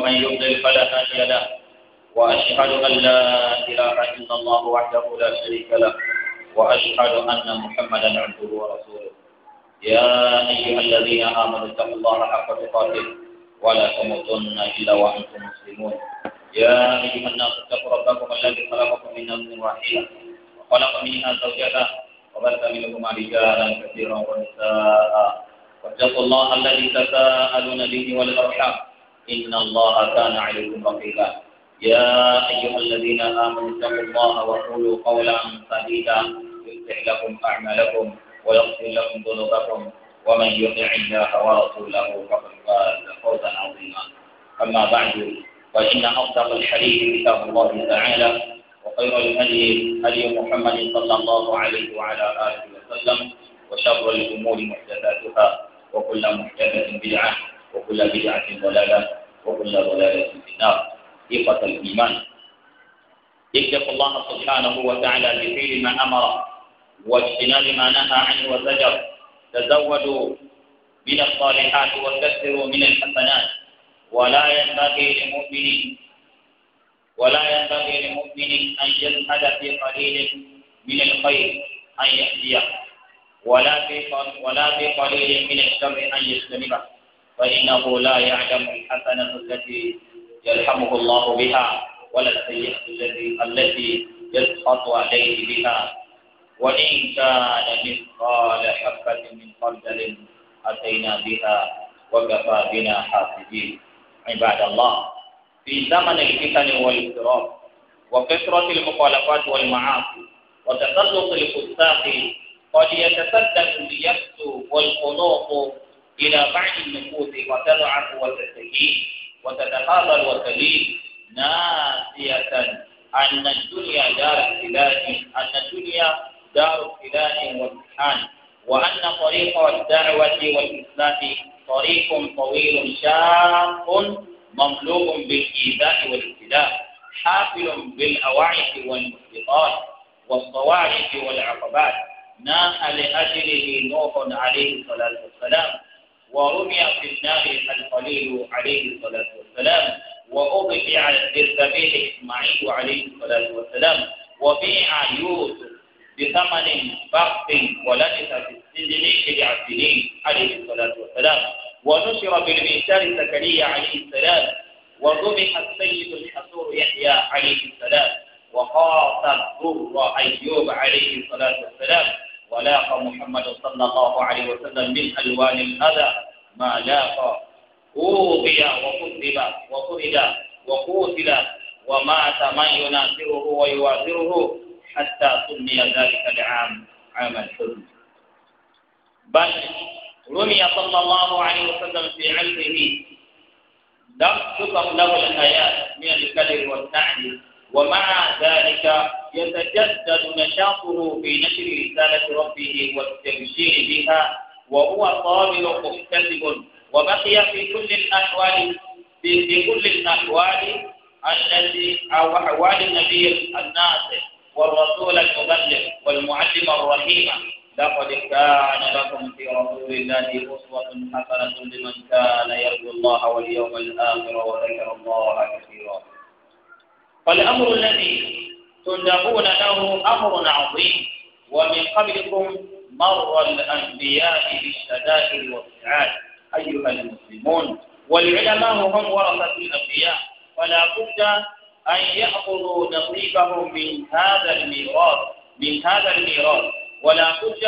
ومن يضلل فلا هادي له وأشهد أن لا إله إلا الله وحده لا شريك له وأشهد أن محمدا عبده ورسوله يا أيها الذين آمنوا اتقوا الله حق تقاته ولا تموتن إلا وأنتم مسلمون يا أيها الناس اتقوا ربكم الذي خلقكم من نفس واحدة وخلق منها زوجها وبث منهما رجالا كثيرا ونساء واتقوا الله الذي تساءلون به والأرحام إن الله كان عليكم رقيبا يا أيها الذين آمنوا اتقوا الله وقولوا قولا سديدا يصلح لكم أعمالكم ويغفر لكم ذنوبكم ومن يطع الله ورسوله فقد فاز فوزا عظيما أما بعد فإن أصدق الحديث كتاب الله تعالى وخير الهدي هدي محمد صلى الله عليه وعلى آله وسلم وشر الأمور محدثاتها وكل محدثة بدعة وكل بدعة ضلالة وكل ضلالة في النار إخوة الإيمان اتقوا الله سبحانه وتعالى بفعل ما أمر واجتناب ما نهى عنه وزجر تزودوا من الصالحات وكثروا من الحسنات ولا ينبغي لمؤمن ولا ينبغي لمؤمن أن يجهد في قليل من الخير أن يأتيه ولا في ولا في قليل من الشر أن يجتنبه فإنه لا يعلم الحسنة التي يرحمه الله بها ولا السيئة التي التي يسقط عليه بها وإن كان مثقال حبة من خردل أتينا بها وكفى بنا حاسبين عباد الله في زمن الفتن والاضطراب وكثرة المخالفات والمعاصي وتسلط الفساق قد يتسدد اليأس والخنوق إلى بعض النفوس وتضعف وتستجيب وتتقابل وتلين ناسية أن الدنيا دار ابتلاء أن الدنيا دار ابتلاء وامتحان وأن طريق الدعوة والإسلام طريق طويل شاق مملوء بالإيذاء والابتلاء حافل بالأواعث والمحبطات والصواعق والعقبات ناح لأجله نوح عليه الصلاة والسلام ورمي في النار الخليل عليه الصلاة والسلام وأضيع للذبيح إسماعيل عليه الصلاة والسلام وبيع يوسف بثمن بخس ولبث في السجن بضع سنين عليه الصلاة والسلام ونشر بالميسار زكريا عليه السلام وذبح السيد الحصور يحيى عليه السلام وخاص ضر أيوب عليه الصلاة والسلام ولاق محمد صلى الله عليه وسلم من ألوان الأذى ما لاق أوقي وكذب وطرد وقتل ومات من يناصره ويوازره حتى سمي ذلك العام عام الحزن بل رمي صلى الله عليه وسلم في علمه لم تكن له الحياة من الكذب والتعدي ومع ذلك يتجدد نشاطه في نشر رسالة ربه والتبشير بها وهو صابر مكتسب وبقي في كل الأحوال في كل الأحوال التي أو أحوال النبي الناصح والرسول المبلغ والمعلم الرحيم لقد كان لكم في رسول الله أسوة حسنة لمن كان يرجو الله واليوم الآخر وذكر الله كثيرا فالأمر الذي تندبون له أمر عظيم ومن قبلكم مر الأنبياء بالشدائد والسعاد أيها المسلمون والعلماء هم ورثة الأنبياء فلا بد أن يأخذوا نصيبهم من هذا الميراث من هذا الميراث ولا بد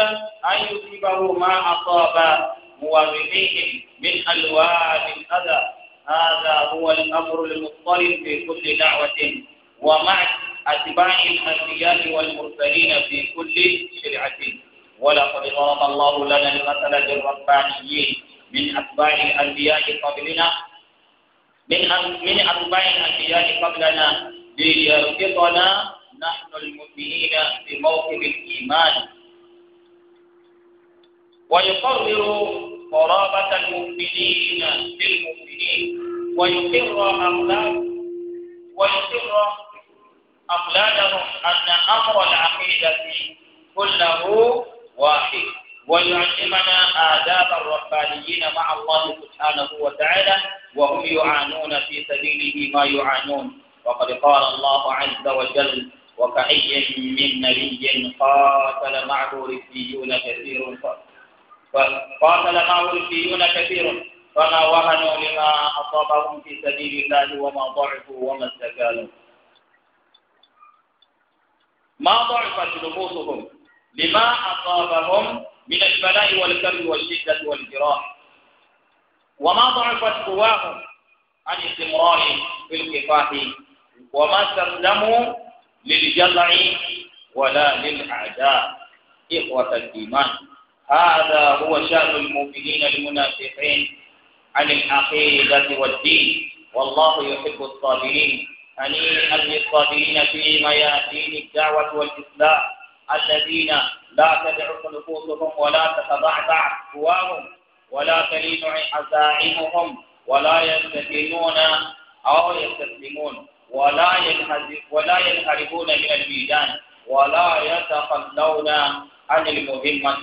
أن يصيبه ما أصاب مورثيهم من ألوان الأذى هذا هو الأمر المضطرب في كل دعوة ومع أتباع الأنبياء والمرسلين في كل شرعة ولقد ضرب الله لنا المثل للربانيين من أتباع الأنبياء قبلنا من من أتباع الأنبياء قبلنا ليربطنا نحن المؤمنين بموقف الإيمان ويقرر قرابة المؤمنين بالمؤمنين ويقر أولاد ويقر أولادهم أن أمر العقيدة كله واحد ويعلمنا آداب الربانيين مع الله سبحانه وتعالى وهم يعانون في سبيله ما يعانون وقد قال الله عز وجل وكأي من نبي قاتل معه ربيون كثير فرق. وقاتل معه الفيون كثير فما وهنوا لما أصابهم في سبيل الله وما ضعفوا وما استكانوا ما ضعفت نفوسهم لما أصابهم من البلاء والكرب والشدة والجراح وما ضعفت قواهم عن استمرار في الكفاح وما استسلموا للجزع ولا للأعداء إخوة الإيمان هذا هو شأن المؤمنين المنافقين عن العقيدة والدين والله يحب الصابرين هنيئا للصابرين في ميادين الدعوة والإسلام الذين لا تدعف نفوسهم ولا تتضعضع قواهم ولا تلين عزائمهم ولا يستكينون أو يستسلمون ولا ولا ينهربون من الميدان ولا يتخلون عن المهمة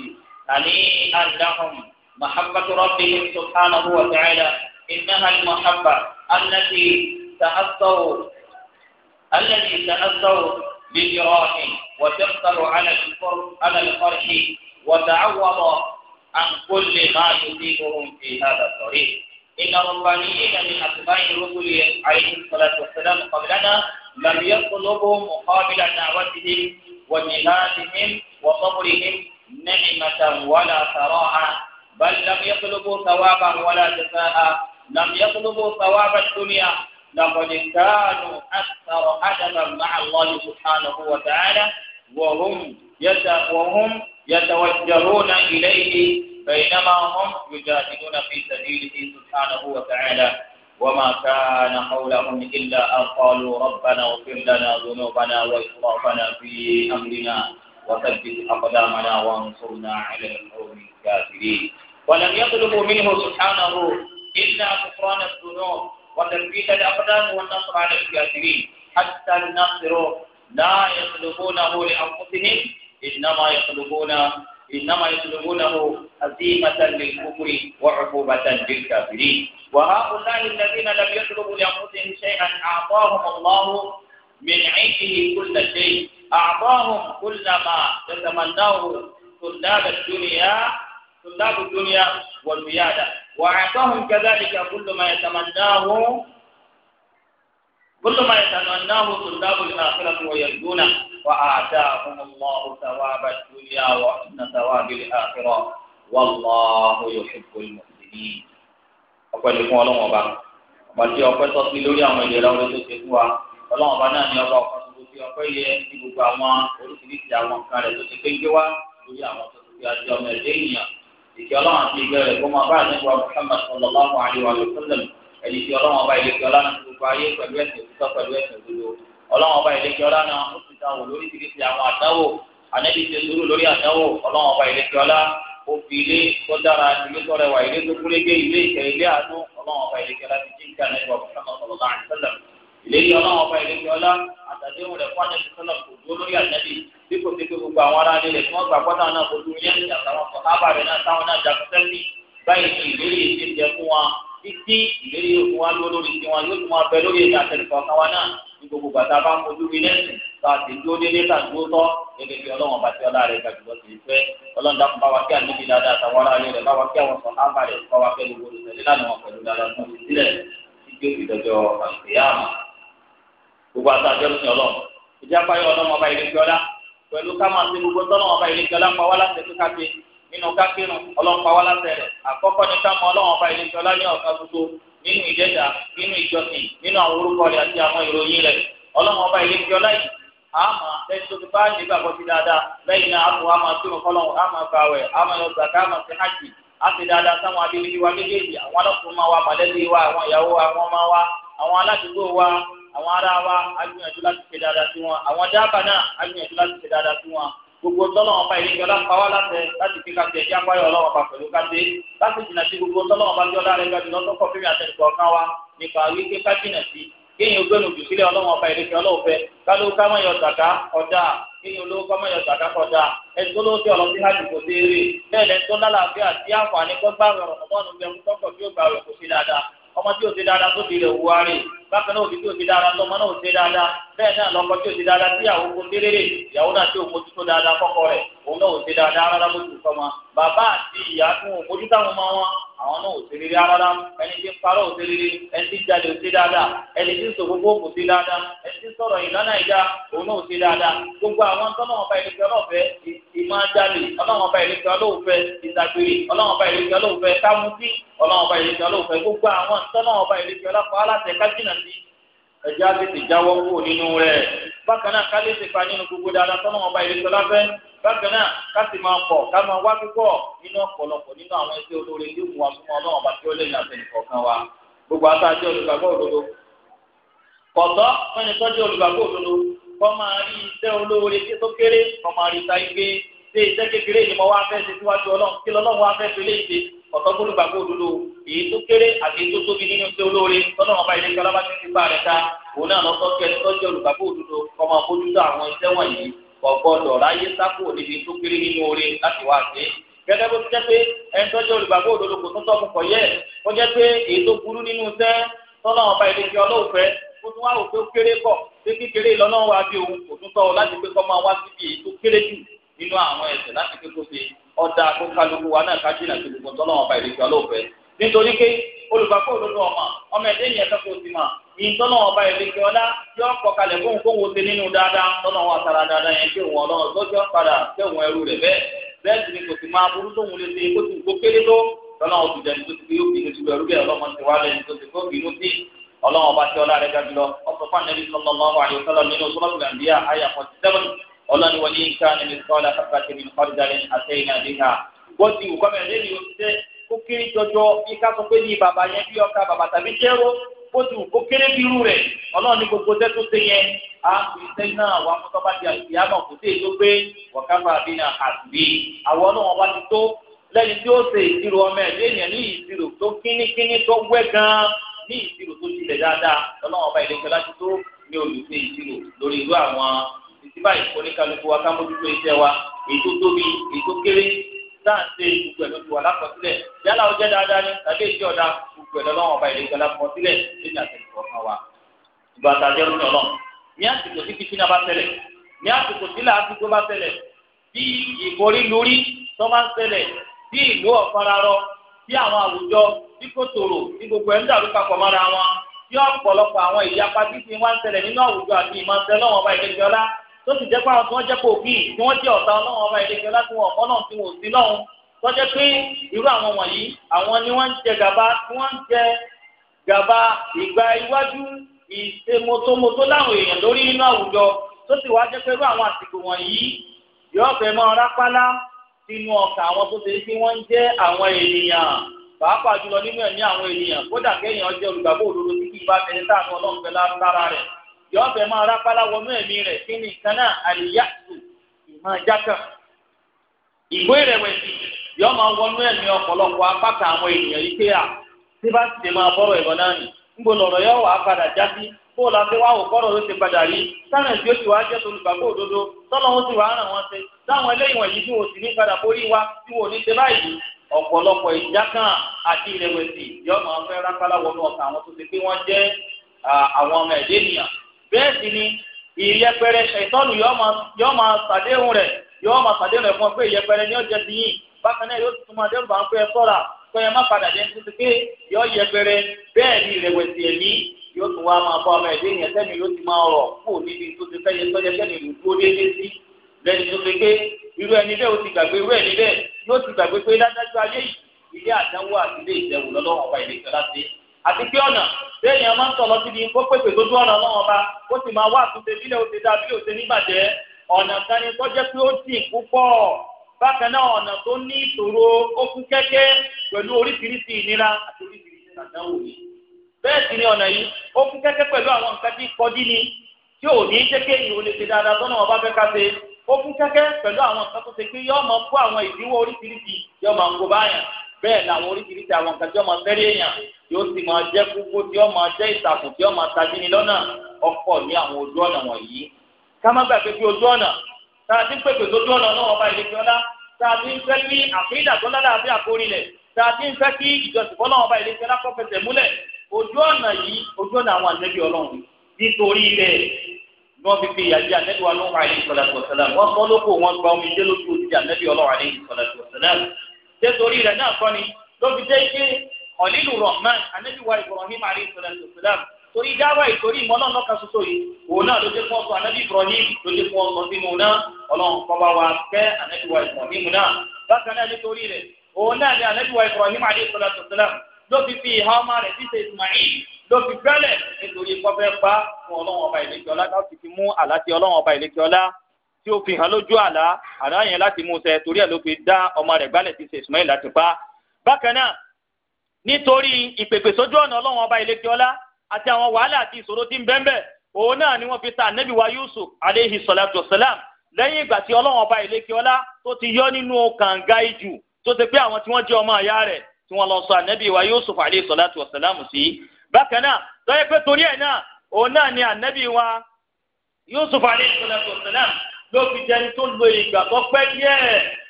هنيئا لهم محبة ربهم سبحانه وتعالى إنها المحبة التي تأثروا التي تأثروا بالجراح وتقدر على على الفرح وتعوض عن كل ما يصيبهم في هذا الطريق إن ربانيين من أتباع الرسل عليه الصلاة والسلام قبلنا لم يطلبوا مقابل دعوتهم وجهادهم وصبرهم نعمة ولا ثراء بل لم يطلبوا ثوابا ولا جزاء لم يطلبوا ثواب الدنيا لقد كانوا أكثر أدبا مع الله سبحانه وتعالى وهم وهم يتوجهون إليه بينما هم يجاهدون في سبيله سبحانه وتعالى وما كان قولهم إلا أن قالوا ربنا اغفر لنا ذنوبنا وإسرافنا في أمرنا وثبت أقدامنا وانصرنا على القوم الكافرين ولم يطلب منه سبحانه إلا غفران الذنوب وتثبيت الأقدام والنصر على الكافرين حتى النصر لا يطلبونه لأنفسهم إنما يطلبون إنما يطلبونه هزيمة للكفر وعقوبة للكافرين وهؤلاء الذين لم يطلبوا لأنفسهم شيئا أعطاهم الله من عنده كل شيء أعطاهم كل ما يتمناه طلاب الدنيا طلاب الدنيا والويادة وأعطاهم كذلك كل ما يتمناه كل ما يتمناه طلاب الآخرة ويرجونه وآتاهم الله ثواب الدنيا وحسن ثواب الآخرة والله يحب المحسنين أقول لكم fún Ọlọ́run ọba ọba tí ọpẹ́ tọ́ sí lórí àwọn ìlera orí tó ṣe fún wa Ọlọ́run fi ọpẹ́ yẹ ní gbogbo àwọn oríṣiríṣi àwọn nǹkan rẹ̀ tó ti pé ń gbé wá lórí àwọn tó ti fi àjọ ọmọ ẹ̀dẹ́ ènìyàn ìkí ọlọ́run àti ìgbẹ́ rẹ̀ kó máa bá àdéhùn Muhammad sallallahu alaihi wa sallam ẹni tí ọlọ́run ọba ìlẹ̀kẹ́ ọlá náà gbogbo ayé pẹ̀lú ẹ̀sìn òtítọ́ pẹ̀lú ẹ̀sìn òdodo ọlọ́run ọba ìlẹ̀kẹ́ ọlá náà ó ti dáwọ̀ lóríṣiríṣi àwọn àdáwò anẹ́bí ti dúró lórí àdáwò ọlọ́run ọba ìlẹ̀kẹ́ ọlá ó fi ilé tó dára ilé tó rẹwà ilé tó kúrégé ilé ìtẹ̀ ilé àánú ọlọ́run ọba ìlẹ̀kẹ́ ọlá ti jíǹkà nẹ́gbọ̀ Muhammad sallallahu alaihi wa sallam àdéhùn rẹ̀ fún àdéhùn sọ́nà kò dúró lórí ànábì bí kò sí pé gbogbo àwọn ará ilé rẹ̀ tí wọ́n gbà pọ́tà náà kò dúró yẹn ní àtàwọn sọ̀hábà rẹ̀ náà táwọn náà jà sẹ́lì báyìí ní ìlérí èsì jẹ fún wa títí ìlérí òkun wa dúró lórí tiwọn yóò tún wá bẹ lórí èdè àtẹnukọ̀ kan wa náà ní gbogbo bàtà bá ń fojú rí lẹ́sìn tá a ti dúró délé tá a dúró tọ́ gẹ́gẹ́ bí ọlọ́wọ́n bá ti ọlá rẹ̀ ga jùlọ sí ìfẹ́ ọlọ́run dákun bá wa kí àníbi dáadáa àtàwọn ará rẹ̀ bá wa kí àwọn sọ̀tà bá rẹ̀ bá wa kẹ́ lówó lọ́sẹ̀ nílànà wọn pẹ̀lú dáadáa tó ti sílẹ̀ títí ó fi dọjọ́ àìsèyá àmọ́. gbogbo àti àjọ lùsìn ọlọ́run ìdí Ọlọmọba ọlọ́run ọba ìlú fiọ́lá pẹ̀lú ti gbogbo tọ́lọ́run ọba ìlú fiọ́lá pa wá láti ẹ̀kú káfí nínú kákírun ọlọ́run pa wá láti ẹ̀rẹ̀ àkọ́kọ́ ni ká mọ ọlọ́run ọba ìlú fiọ́lá ní ọ̀kan tuntun nínú ìdẹ́ta nínú ìjọsìn nínú àwọn orúkọ rẹ̀ àti àwọn ìròyìn rẹ̀ ọlọ́run ọba ìlú fiọ́lá yìí àmà lẹ́yìn tó ti bá nígbà sí dáadáa tó àwọn ará wa agbìyànjú láti ṣe dáadáa sí wọn àwọn dábàá náà agbìyànjú láti ṣe dáadáa sí wọn gbogbo tọ́lọ́wọ́n bá ìdíjọ́ lápá wá láti láti fi káṣí ẹ̀jẹ̀ apáyọ̀ ọlọ́wọ́n bá pẹ̀lú káṣí láti jìnnà sí gbogbo tọ́lọ́wọ́n bá jọ́ láàrin gbàdúrà lọ́sọ̀kọ̀ fífi àtẹnukọ̀ kan wa nípa wípé ká jìnnà sí kéèyàn gbẹ́nu jù sílẹ̀ ọlọ́wọ́n ọba ìrèké ọlọ́ọ̀fẹ́ kálóò ká mọ̀yọ̀ tàkà ọ̀dà kéèyàn olówó ká mọ̀yọ̀ tàkà ọ̀dà ẹni tó lówó tí ọ̀rọ̀ sí hajj kò sí eré bẹ́ẹ̀ lẹ́ni tó ọmọ tí ó ti dáadáa tó ti rẹ̀ wúwa rè bákan náà òbí tí ò ti dáadáa tọmọ náà ò ti dáadáa bẹ́ẹ̀ náà lọ́kọ tí ò ti dáadáa tí ìyàwó kò délére ìyàwó náà tí ò mójútó dáadáa kọ́kọ́ rẹ̀ òun náà ò ti dáadáa rárá mójú kọ́ wọn bàbá àti ìyá tún ò mójútó àwọn ọmọ wọn àwọn náà ò ti rírí rárá ẹni tí ń parọ́ ò ti rírí ẹni tí ń jalè ò ti dáadáa ẹni tí ń sọ gbogbo kò ti dáadáa ẹni tí ń sọ̀rọ̀ ìlànà ìjà òun náà ò ti dáadáa gbogbo àwọn tọ́nà ọba lé ẹjọ́ á tètè jáwọ́ kúrò nínú rẹ̀ bákan náà ká lè ṣe pa nínú gbogbo dáadáa tọ́nà ọba ìrètò láfẹ́ bákan náà ká sì máa pọ̀ ká máa wá púpọ̀ nínú ọ̀pọ̀lọpọ̀ nínú àwọn ẹgbẹ́ olóore tí ó mú wa fún ọlọ́run bá tí ó lẹ́yìn àtẹnìkọ̀ọ̀kan wa gbogbo àtàjọ olùgbàgbọ́ òdodo kọ̀tọ́ fẹ́ni tọ́jú olùgbàgbọ́ òdodo kọ́ máa rí iṣẹ́ olóore tí tó kéré kọ́ máa rí ta igbe ṣe iṣẹ́ kékeré ni mo fẹ́ ṣe síwájú ọlọ́run kí lọ́lọ́run wá fẹ́ fi lé ìṣe ọ̀tọ́ gbọ́dọ̀ gbàgbọ́ òdodo èyí tó kéré àti èyí tó tóbi nínú pé olóore tọ́nà ọba ilé kí ọlọ́ba ti fi bá rẹ̀ ta òun náà lọ́tọ́ kí ẹni tọ́jú olùgbàgbọ́ òdodo ọmọ àbójútó àwọn iṣẹ́ wọ̀nyí ọ̀gbọ́dọ̀ ráyé sápò níbi tó kéré nínú oore láti wá sí. gẹ́gẹ́ bó ti jẹ́ pé ẹni tọ́jú olùgbàgbọ́ òdodo kò tó tọ́kùn kọ̀ yẹ ó jẹ́ pé èyí tó burú nínú iṣẹ́ tọ́nà ọba ilé kí ọlọ́ọ̀fẹ́ kó tún wá òfin kéré kọ̀ pé kékeré nínú àwọn ẹ̀ṣẹ̀ láti pé kó ṣe ọ̀dà kó kálukú wa náà ká jìnnà sí gbogbo tọ́lọ́ ọba ìrètí ọlọ́ọ̀fẹ́ nítorí pé olùgbàgbọ́ olódò ọmọ ọmọ ẹ̀dẹ́ yẹn kẹ́kọ̀ọ́ sí ma yìí tọ́nà ọba ìrèké ọlá yọ ọkọ̀ kalẹ̀ fóun kó wo ṣe nínú dáadáa tọ́nà wa tara dáadáa yẹn tí òun ọlọ́run lọ́jọ́ padà tẹ̀ òun ẹrú rẹ̀ bẹ́ẹ̀ bẹ́ẹ̀ sì ni kò sì máa burú tóun lè ṣe kó sì kó kéré tó tọ́nà oṣù jẹ́ nítorí pé yóò bínú sí ẹrú bẹ́ẹ̀ ọlọ́mọ ti wá lẹ́yìn tó ti kó bínú sí ọlọ́run ọba tí ọlá rẹ̀ ga jùlọ ọ̀sọ̀ ọlọ́ni wọlé ìka ni mi kọ́ la kápá tèmi ọ̀dàlẹ̀ àtẹ̀yìn àdéhà wọ́n ti wù kọ́mẹ̀ lẹ́yìn o ṣe kó kéré jọjọ bí ká sọ pé ní bàbá yẹn bí ọkà bàbá tàbí jẹ́rọ ó ti wù kó kéré bí irú rẹ̀ ọlọ́ni gbogbo tẹ́ tó ṣe yẹn a fi iṣẹ́ náà wà fún tọ́ba di àlùfíàmọ̀ kò sí èso pé wọ̀káfà bí na àtúbí àwọn ọlọ́wọ́n wá ti tó lẹ́yìn tí ó ṣe ìṣirò ọmọ ẹ̀ lẹ́yìn ní ìṣirò tó kínníkínní tó wẹ́ gan-an ní ìṣirò tó tilẹ̀ dáadáa ọlọ́wọ́n ọba ìlẹ́kẹ́ láti tó ní olùṣe ìṣirò lórí irú àwọn títí báyìí oníkálukú wa ká mójútó iṣẹ́ wa ètò tóbi ètò kéré sáǹsì gbogbo ẹ̀dọ́ ti wà lákọsílẹ̀ yálà ó jẹ́ dáadáa ní tàbí èsì ọ̀dà gbogbo ẹ̀dọ́ lọ́wọ́ ọba ìlẹ́gbẹ́ lákọsílẹ̀ lẹ́yìn àtẹnukọ̀ kan wa. ìgbà àtàjẹ́ ló yàn náà ní àsìkò tí fìtínà bá ṣẹlẹ̀ ní àsìkò tí làásìkò bá ṣẹlẹ̀ bí ìborí lórí tó bá ṣẹlẹ̀ bí ìlú ọ̀fararọ bí àwọn àwùjọ bí kò tòrò bí gbogbo ẹ̀ ń dàrú papọ̀ mọ́ra wọn bí ọ̀pọ̀lọpọ̀ àwọn ìyapa tí fi wá ń ṣẹlẹ̀ nínú àwùjọ àti ìmọ̀ tó sì jẹ́ pé àwọn tí wọ́n jẹ́ pé òbí tí wọ́n jẹ́ ọ̀tá ọlọ́run ọba ìlẹ́gbẹ́ láti wọn ọ̀kọ́ náà tí wọn ò sí lọ́hùn tó jẹ́ pé irú àwọn wọ̀nyí àwọn ni wọ́n ń jẹ gàba tí wọ́n ń jẹ gàba ìgbà iwájú ìṣemotomoto láwọn èèyàn lórí nínú àwùjọ tó sì wá jẹ́ pé irú àwọn àsìkò wọ̀nyí yóò fẹ́ máa rápálá sínú ọkà àwọn tó ṣe pé wọ́n ń jẹ́ àwọn ènìyàn pàápàá jùlọ nínú ẹ̀mí àwọn ènìyàn kódà kéèyàn jẹ́ olùgbàgbọ́ òdodo tí kì í bá tẹ̀lé táàmù ọlọ́run fẹ́ lára rẹ̀ yọọ ọbẹ̀ máa rápálá wọnú ẹ̀mí rẹ kí ni nǹkan náà àlìyáàtù ìmọ̀ jákà ìwé ìrẹ̀wẹ̀sì yọ máa wọnú ẹ̀mí ọ̀pọ̀lọpọ̀ apáta àwọn ènìyàn yìí pé à tí bá ti máa bọ́rọ̀ ẹ̀rọ náà nì yọ wà á la fi wá ló ti padà rí tí ti wá òdodo ti ràn wọn ṣe táwọn eléyìí tí ní padà wa tí ní ṣe báyìí àti máa bẹ́ẹ̀ sì ni ìyẹpẹrẹ ṣẹ̀tọ́nù yóò máa ṣàdéhùn rẹ̀ yóò máa ṣàdéhùn rẹ̀ fún ọ pé ìyẹpẹrẹ ni ó jẹ sí yìí bákan náà yóò tún máa dẹ́rù bá ń pẹ́ sọ́ra pé ẹ má padà jẹ́ títí pé yóò yẹpẹrẹ bẹ́ẹ̀ ni ìrẹ̀wẹ̀sì ẹ̀mí yóò tún wá máa bọ́ ọmọ ẹ̀dẹ́ yẹn sẹ́mi yóò ti máa rọ̀ kó níbi tó ti fẹ́ yẹ sọ́jà ìlú tó ti pé irú ẹni àti pé ọ̀nà téèyàn máa ń tọ̀ lọ síbi kó pèsè lójú ọ̀nà náà ọba ó sì máa wá àtúnṣe bílẹ̀ òṣè dá bílẹ̀ òṣè nígbàjẹ́ ọ̀nà kan ni tó jẹ́ pé ó dì púpọ̀ bákan náà ọ̀nà tó ní ìṣòro ó kẹ́kẹ́ pẹ̀lú oríṣiríṣi ìnira àti oríṣiríṣi àdánwò bẹ́ẹ̀ sì ni ọ̀nà yìí ni tí ò ní jẹ́ lè ṣe dáadáa tọ́nà fẹ́ ká ṣe kẹ́kẹ́ pẹ̀lú àwọn nǹkan tó ṣe bẹ́ẹ̀ làwọn oríṣiríṣi àwọn nǹkan tí wọ́n máa fẹ́rẹ́ èèyàn yóò sì máa jẹ́ gbogbo tí wọ́n máa jẹ́ ìtàkùn tí wọ́n máa tají ni lọ́nà ọkọ̀ ní àwọn ojú ọ̀nà wọ̀nyí. ká má gbàgbé pé ojú ọ̀nà tá a ti ń pèpè sójú ọ̀nà náà ọba ìlú fiọ́lá tá a ti ń fẹ́ kí àfihàn tó lálẹ́ àbí àkórí rẹ̀ tá a ti ń fẹ́ kí ìjọsìn fọ́lá ọba ìlú fiọ́lá kọ́ fẹsẹ̀ múlẹ̀ ojú ọ̀nà yìí ojú ọ̀nà àwọn ànẹ́bí ọlọ́run nítorí rẹ̀ ni ṣé torí rẹ̀ náà kọ́ ni ló fi jẹ́ pé ọ̀lílù rahman anábìwá ibrahim alayhi salam torí dáwà ìtorí ìmọ̀ náà lọ́ka ṣoṣo yìí òun náà ló jẹ́ fún ọkọ̀ anábì ibrahim ló jẹ́ fún ọkọ̀ sínú náà ọlọ́run kọ́ bá wa fẹ́ anábìwá ibrahim náà bákan náà nítorí rẹ̀ òun náà ní anábìwá ibrahim alayhi salam ló fi fi ìhà ọmọ rẹ̀ sí ṣe ismail ló fi nítorí kọ́fẹ́ pa fún ọlọ́run ọba ìlẹ́kẹ́ ọlá tí o fi hàn lójú àlá àlá yẹn láti Mùsá torí ẹ̀ ló fi dá ọmọ rẹ̀ gbálẹ̀ ti ṣe Ismail láti pa bákan náà nítorí ìpèpè sójú ọ̀nà ọlọ́run ọba ilé kíọ́lá àti àwọn wàhálà àti ìṣòro tí ń bẹ́ńbẹ́ òun náà ni wọ́n fi ta ànábì wa Yusuf aleyhi salatu wasalam lẹ́yìn ìgbà tí ọlọ́run ọba ilé kíọ́lá tó ti yọ nínú kànga ijù tó ti pé àwọn tí wọ́n jẹ́ ọmọ àyá rẹ̀ tí wọ́n lọ sọ ànábì wa Yusuf aleyhi salatu wasalam sí bákan náà lọ́yẹ̀ pé torí ẹ̀ náà òun náà ni ànábì wa Yusuf aleyhi salatu wasalam ló fi jẹni tó lo ìgbà tó pẹ́ díẹ̀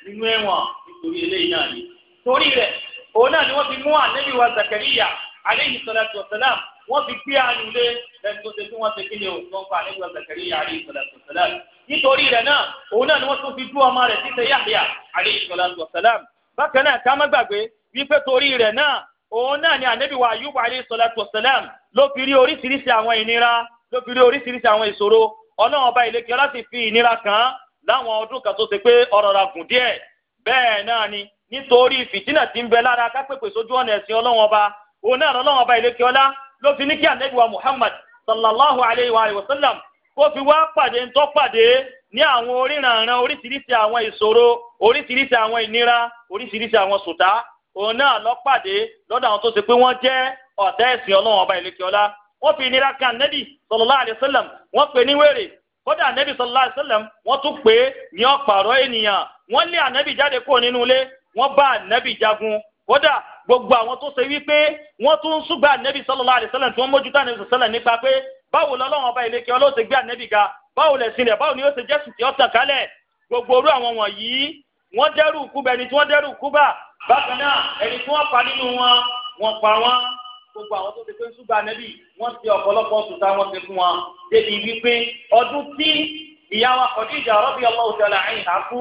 nínú ẹ̀wọ̀n nítorí eléyìí náà ni torí rẹ̀ òun náà ni wọ́n fi mú ànábì wa Zakariya aleyhi salatu wa salam wọ́n fi gbé àlùlé lẹ́nu tó ṣe tí wọ́n ṣe kíni òun wọ́n fa àlejò Zakariya aleyhi salatu wa salam nítorí rẹ̀ náà òun náà ni wọ́n tún fi dú ọmọ rẹ̀ títẹ̀ Yahya aleyhi salatu wa salam bákan náà ká má gbàgbé wípé torí rẹ̀ náà òun náà ni ànábì wa Ayub aleyhi salatu wa salam ló fi rí oríṣiríṣi àwọn ìnira ló fi rí oríṣiríṣi àwọn ìṣòro ọlọ́run ọba ìlẹ́kẹ́ láti fi ìnira kan láwọn ọdún kan tó ṣe pé ọ̀rọ̀ ra gùn díẹ̀ bẹ́ẹ̀ náà ni nítorí fìtínà tí ń bẹ lára kápẹ́pẹ́ sójú ọ̀nà ẹ̀sìn ọlọ́run ọba òun náà ọlọ́run ọba ìlẹ́kẹ́ ọlá ló fi ní kí ànẹ́gbẹ̀wá Muhammad sallallahu alayhi wa sallam kó fi wá pàdé ńtọ́ pàdé ní àwọn oríranran oríṣiríṣi àwọn ìṣòro oríṣiríṣi àwọn ìnira oríṣiríṣi àwọn sùtá òun náà lọ pàdé lọ́dọ̀ àwọn tó ṣe pé wọ́n jẹ́ ọ̀tá ẹ̀sìn ọlọ́run ọba ìlẹ́kẹ́ ọlá wọ́n fi ìnira kan nẹ́bì sallallahu alaihi wasallam wọ́n pè ní wèrè kódà nẹ́bì sallallahu alaihi wasallam wọ́n tún pè é ní ọ̀pàrọ̀ ènìyàn wọ́n lé ànẹ́bì jáde kúrò nínú ilé wọ́n bá ànẹ́bì jagun kódà gbogbo àwọn tó ṣe wípé wọ́n tún ń súgbà ànẹ́bì sallallahu alaihi wasallam tí wọ́n mójútó ànẹ́bì sallallahu alaihi wasallam nípa pé báwo lọ́lọ́wọ́n ọba ìlẹ́kẹ́ ọlọ́ọ̀tẹ̀ gbé ànẹ́bì ga báwo lẹ̀sìn rẹ̀ báwo ni ó ṣe jẹ́sùn tí ó tàn kálẹ̀ gbogbo wọ́n dẹ́rù gbogbo àwọn tó ti pé ṣúgbà nẹ́bí wọ́n ti ọ̀pọ̀lọpọ̀ sùtá wọ́n ti fún wọn débi wípé ọdún tí ìyáwó Khadija radiyallahu ta'ala anha kú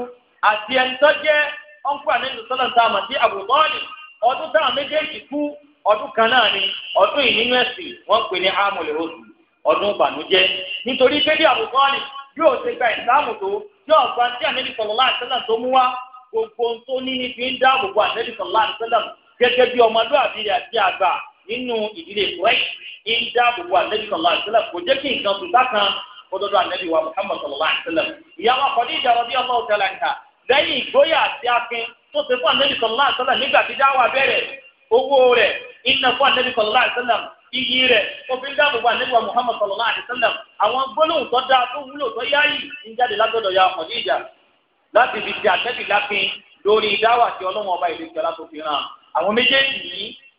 àti ẹni tó jẹ́ ọ̀nkú àlejò Abu ọdún táwọn méjèèjì kú ọdún kan náà ni ọdún ìnínú ẹ̀sìn pè ní oṣù ọdún nítorí yóò ṣe gba gba tí àlejò gbogbo tó ní ní fi ń àlejò nínú ìdílé kúrẹ́ì ń dáàbò bo ànábì sallallahu kò jẹ́ kí nǹkan kan kódódó ànábì wa Muhammad sallallahu alaihi wasallam ìyàwó Khadija radiyallahu ta'ala anha lẹ́yìn ìgbóyà àti akin tó ṣe fún ànábì sallallahu alaihi nígbà tí dáwà bẹ̀rẹ̀ owó rẹ̀ iná fún ànábì sallallahu alaihi iyì rẹ̀ òfin wa àwọn gbólóhùn tó dáa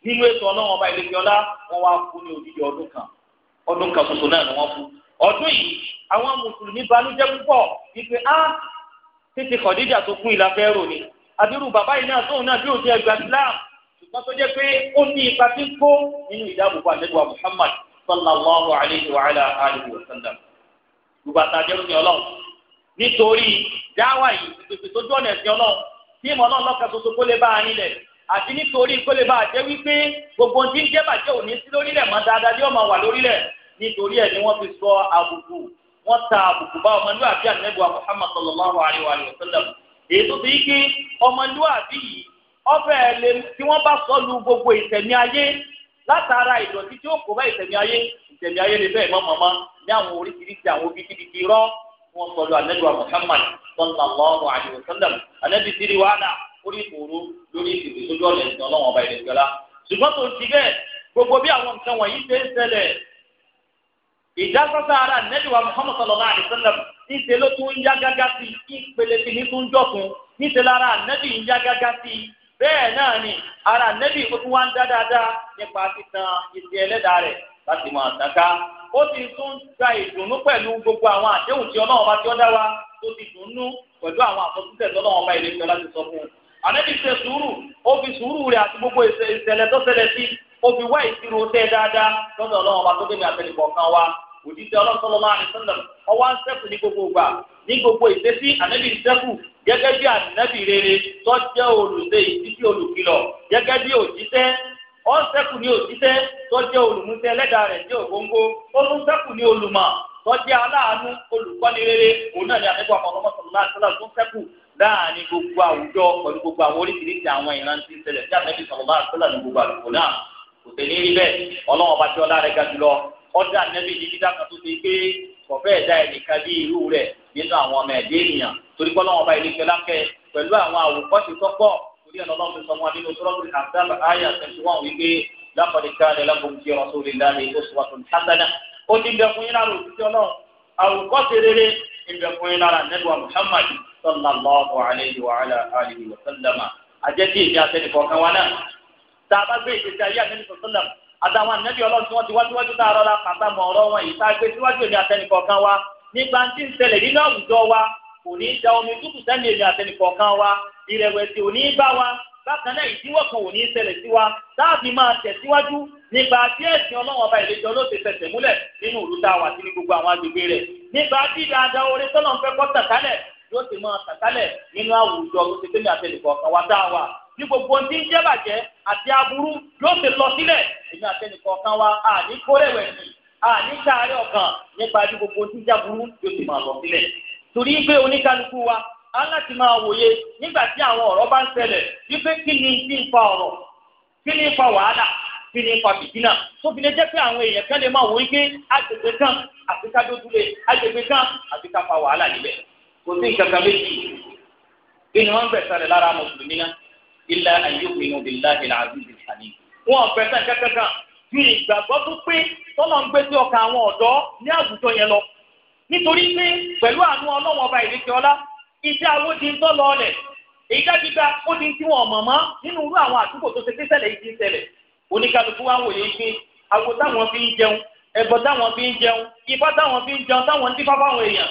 nínú ètò ọlọ́wọ́n ọba ìlẹ́gbẹ́ ọlá wọn wá kú ní odidi ọdún kan ọdún kan ṣoṣo náà ni wọ́n kú ọdún yìí àwọn mùsùlùmí banújẹ́ púpọ̀ wípé á tètè kọ̀díjà tó kú ìlà fẹ́rò ni àbírú bàbá yìí náà tóun náà bí òde ẹgbẹ́ islam ṣùgbọ́n tó jẹ́ pé ó ní ipa tí ń kó nínú ìdáàbòbò àdẹ́gbà muhammad sallallahu alayhi wa alihi wa sallam gbogbo àtàjẹ́rù ni ọlọ́run nítorí dáwà yìí ìpèsè tó jọ́ọ̀nà ẹ̀sìn ọlọ́run tí ìmọ̀ ọlọ́run lọ́kàn tuntun kó lè bá a nílẹ̀ àti nítorí kó lè bá a jẹ́ wípé gbogbo ní jẹ́ bàjẹ́ òní sí lórílẹ̀ mọ́ dáadáa yóò máa wà lórílẹ̀ nítorí ẹ̀ ni wọ́n fi sọ àbùkù wọ́n ta àbùkù bá ọmọlúwàbí ànẹ́bùwà Muhammad sallallahu alayhi wa sallam èyí tó ti kí ọmọlúwàbí yìí ọfẹ́ lè tí wọ́n bá sọ lu gbogbo ìtẹ̀mí ayé látara ìdọ̀tí tí ó kó bá ìtẹ̀mí ayé ìtẹ̀mí ayé lè bẹ́ẹ̀ mọ́ mọ́mọ́ ní àwọn oríṣiríṣi àwọn obìkìdìkì rọ́ wọ́n sọ lu ànẹ́bùwà Muhammad sallallahu alayhi wa sallam orí ìkòrò lórí ìdìbò sójú ọ̀nà ìsìn ọlọ́run ọba ìdẹ̀gbẹ́lá ṣùgbọ́n tó ti bẹ́ẹ̀ gbogbo bí àwọn nǹkan wọ̀nyí ṣe ń ṣẹlẹ̀ ìjásọ́sọ́ ara nẹ́bíwá Muhammad sallallahu alayhi wa sallam níṣẹ́ ló tún ń yá gágá sí i ìpele sí ní tún jọ̀kun níṣẹ́ lára nẹ́bí ń yá gágá sí i bẹ́ẹ̀ náà ni ara nẹ́bí ó tún wá ń dá dáadáa nípa títan ìṣe ẹlẹ́dàá rẹ̀ láti máa tànká ó ti tún gba ìdùnnú pẹ̀lú gbogbo àwọn àdéhùn tí ọlọ́run bá ti ọ́ dá wa tó ti dùnnú pẹ̀lú àwọn àfọ́síṣẹ́ tọ́lọ́run bá ilé láti sọ fún un ànábì ṣe sùúrù ó fi sùúrù rẹ̀ àti gbogbo ìṣẹ̀lẹ̀ tó ṣẹlẹ̀ sí ó fi wá ìṣirò tẹ́ dáadáa lọ́dọ̀ ọlọ́run ọba tó dé mi àtẹnìkọ̀ kan wa òdìdí ọlọ́sọ̀lọ́ máa ọwọ́ ń sẹ́kù ní gbogbo ìgbà ní gbogbo ìṣesí sẹ́kù gẹ́gẹ́ bí rere tó jẹ́ olùdé ìdíjí olùkìlọ̀ gẹ́gẹ́ bí ó ń sẹ́kù ní tó jẹ́ ẹlẹ́dàá rẹ̀ jẹ́ ògóńgó ó sẹ́kù ní olùmọ̀ tó jẹ́ aláàánú láàrin gbogbo àwùjọ pẹ̀lú gbogbo àwọn oríṣiríṣi àwọn ìrántí ṣẹlẹ̀ tí àtẹ́bí sọ̀rọ̀ bá àtúntò ní gbogbo àlùkò náà kò sí ní rí bẹ́ẹ̀ ọlọ́run ọba tí ọlá rẹ̀ ga jùlọ ọdún àtẹ́bí ní dídá kan tó ṣe pé kọ̀fẹ́ ẹ̀dá ẹnìkan bí irú rẹ̀ nínú àwọn ọmọ ẹ̀dẹ́ ènìyàn torí pé ọlọ́run ọba ìlú ìfẹ́ lákẹ́ pẹ̀lú àwọn àwòkọ́ṣe tọ́pọ̀ torí ẹ̀ lọ́lọ́run ti sọ wọn nínú sọ́lọ́run àdáàbà ayé àtẹ̀sí sallallahu alayhi wa ala alihi wa sallama àjẹkí èmi àtẹnìkọ̀ kan wa náà tá a bá gbé ìgbésí ayé àtẹnì sọ̀tọ́lá àtàwọn ànábì ọlọ́run tí wọ́n ti wájúwájú tá a rọra kàtà mọ̀ ọ̀rọ̀ wọn yìí tá a gbé síwájú èmi àtẹnìkọ̀ kan wa nípa tí ń ṣẹlẹ̀ nínú àwùjọ wa kò ní í da omi tútù sẹ́ni èmi àtẹnìkọ̀ kan wa ìrẹ̀wẹ̀sì ò ní í bá wa bákan náà ìdíwọ́ kan ò ní í ṣẹlẹ̀ sí wa táàbì máa tẹ̀síwájú nípa tí ẹ̀sìn ọlọ́run ọba ìlẹ́jọ ló ti fẹsẹ̀ múlẹ̀ nínú òrùta wà sí gbogbo àwọn agbègbè rẹ̀ nípa tí dáadáa oore tọ́lọ̀ ń fẹ́ kọ́ tàkálẹ̀ yóò sì máa tàkálẹ̀ nínú àwùjọ tó ti tẹ́mi àtẹnìkọ̀ kan wá dáa wa ní gbogbo ohun tí ń jẹ́ bàjẹ́ àti aburú yóò sì lọ sílẹ̀ èmi àtẹnìkọ̀ kan wá àní kórèwẹ̀sì àní káàárẹ̀ ọ̀kan nípa ní gbogbo ohun tí ń jẹ́ aburú yóò sì máa lọ sílẹ̀ torí pé oníkálukú wa aláti máa wòye nígbà tí àwọn ọ̀rọ̀ bá ń ṣẹlẹ̀ wípé kí ni ti ń fa ọ̀rọ̀ kí ni ń fa wàhálà kí ni ń fa fìtínà tó fi lè jẹ́ pé àwọn èèyàn kan lè máa wòye pé agbègbè kan àti ká dójúlé agbègbè kan àti ká wàhálà níbẹ̀ kò sí nǹkan kan méjì bí ni wọ́n bẹ̀ sálẹ̀ lára mùsùlùmí náà ilà ayyukminu billahi al-aziz al-halim. wọn bẹ̀ sálẹ̀ kankan ju ìgbàgbọ́ tó pé tọ́lọ̀ ń gbé sí ọkàn àwọn ọ̀dọ́ ní àwùjọ yẹn lọ nítorí pé pẹ̀lú àánú ọlọ́wọ́n ọba ìrètí ọlá iṣẹ́ àwọn ti ń tọ́ lọ ọlẹ̀ èyí dájúdá ó ti ń tí wọn mọ̀mọ́ nínú irú àwọn àdúgbò tó ṣe tẹ́sẹ̀lẹ̀ yìí ti ń ṣẹlẹ̀ oníkálukú wa ń wòye pé àwo táwọn fi ń jẹun ẹ̀bọ táwọn fi ń jẹun ifá táwọn fi ń jẹun táwọn ń dífá fáwọn èèyàn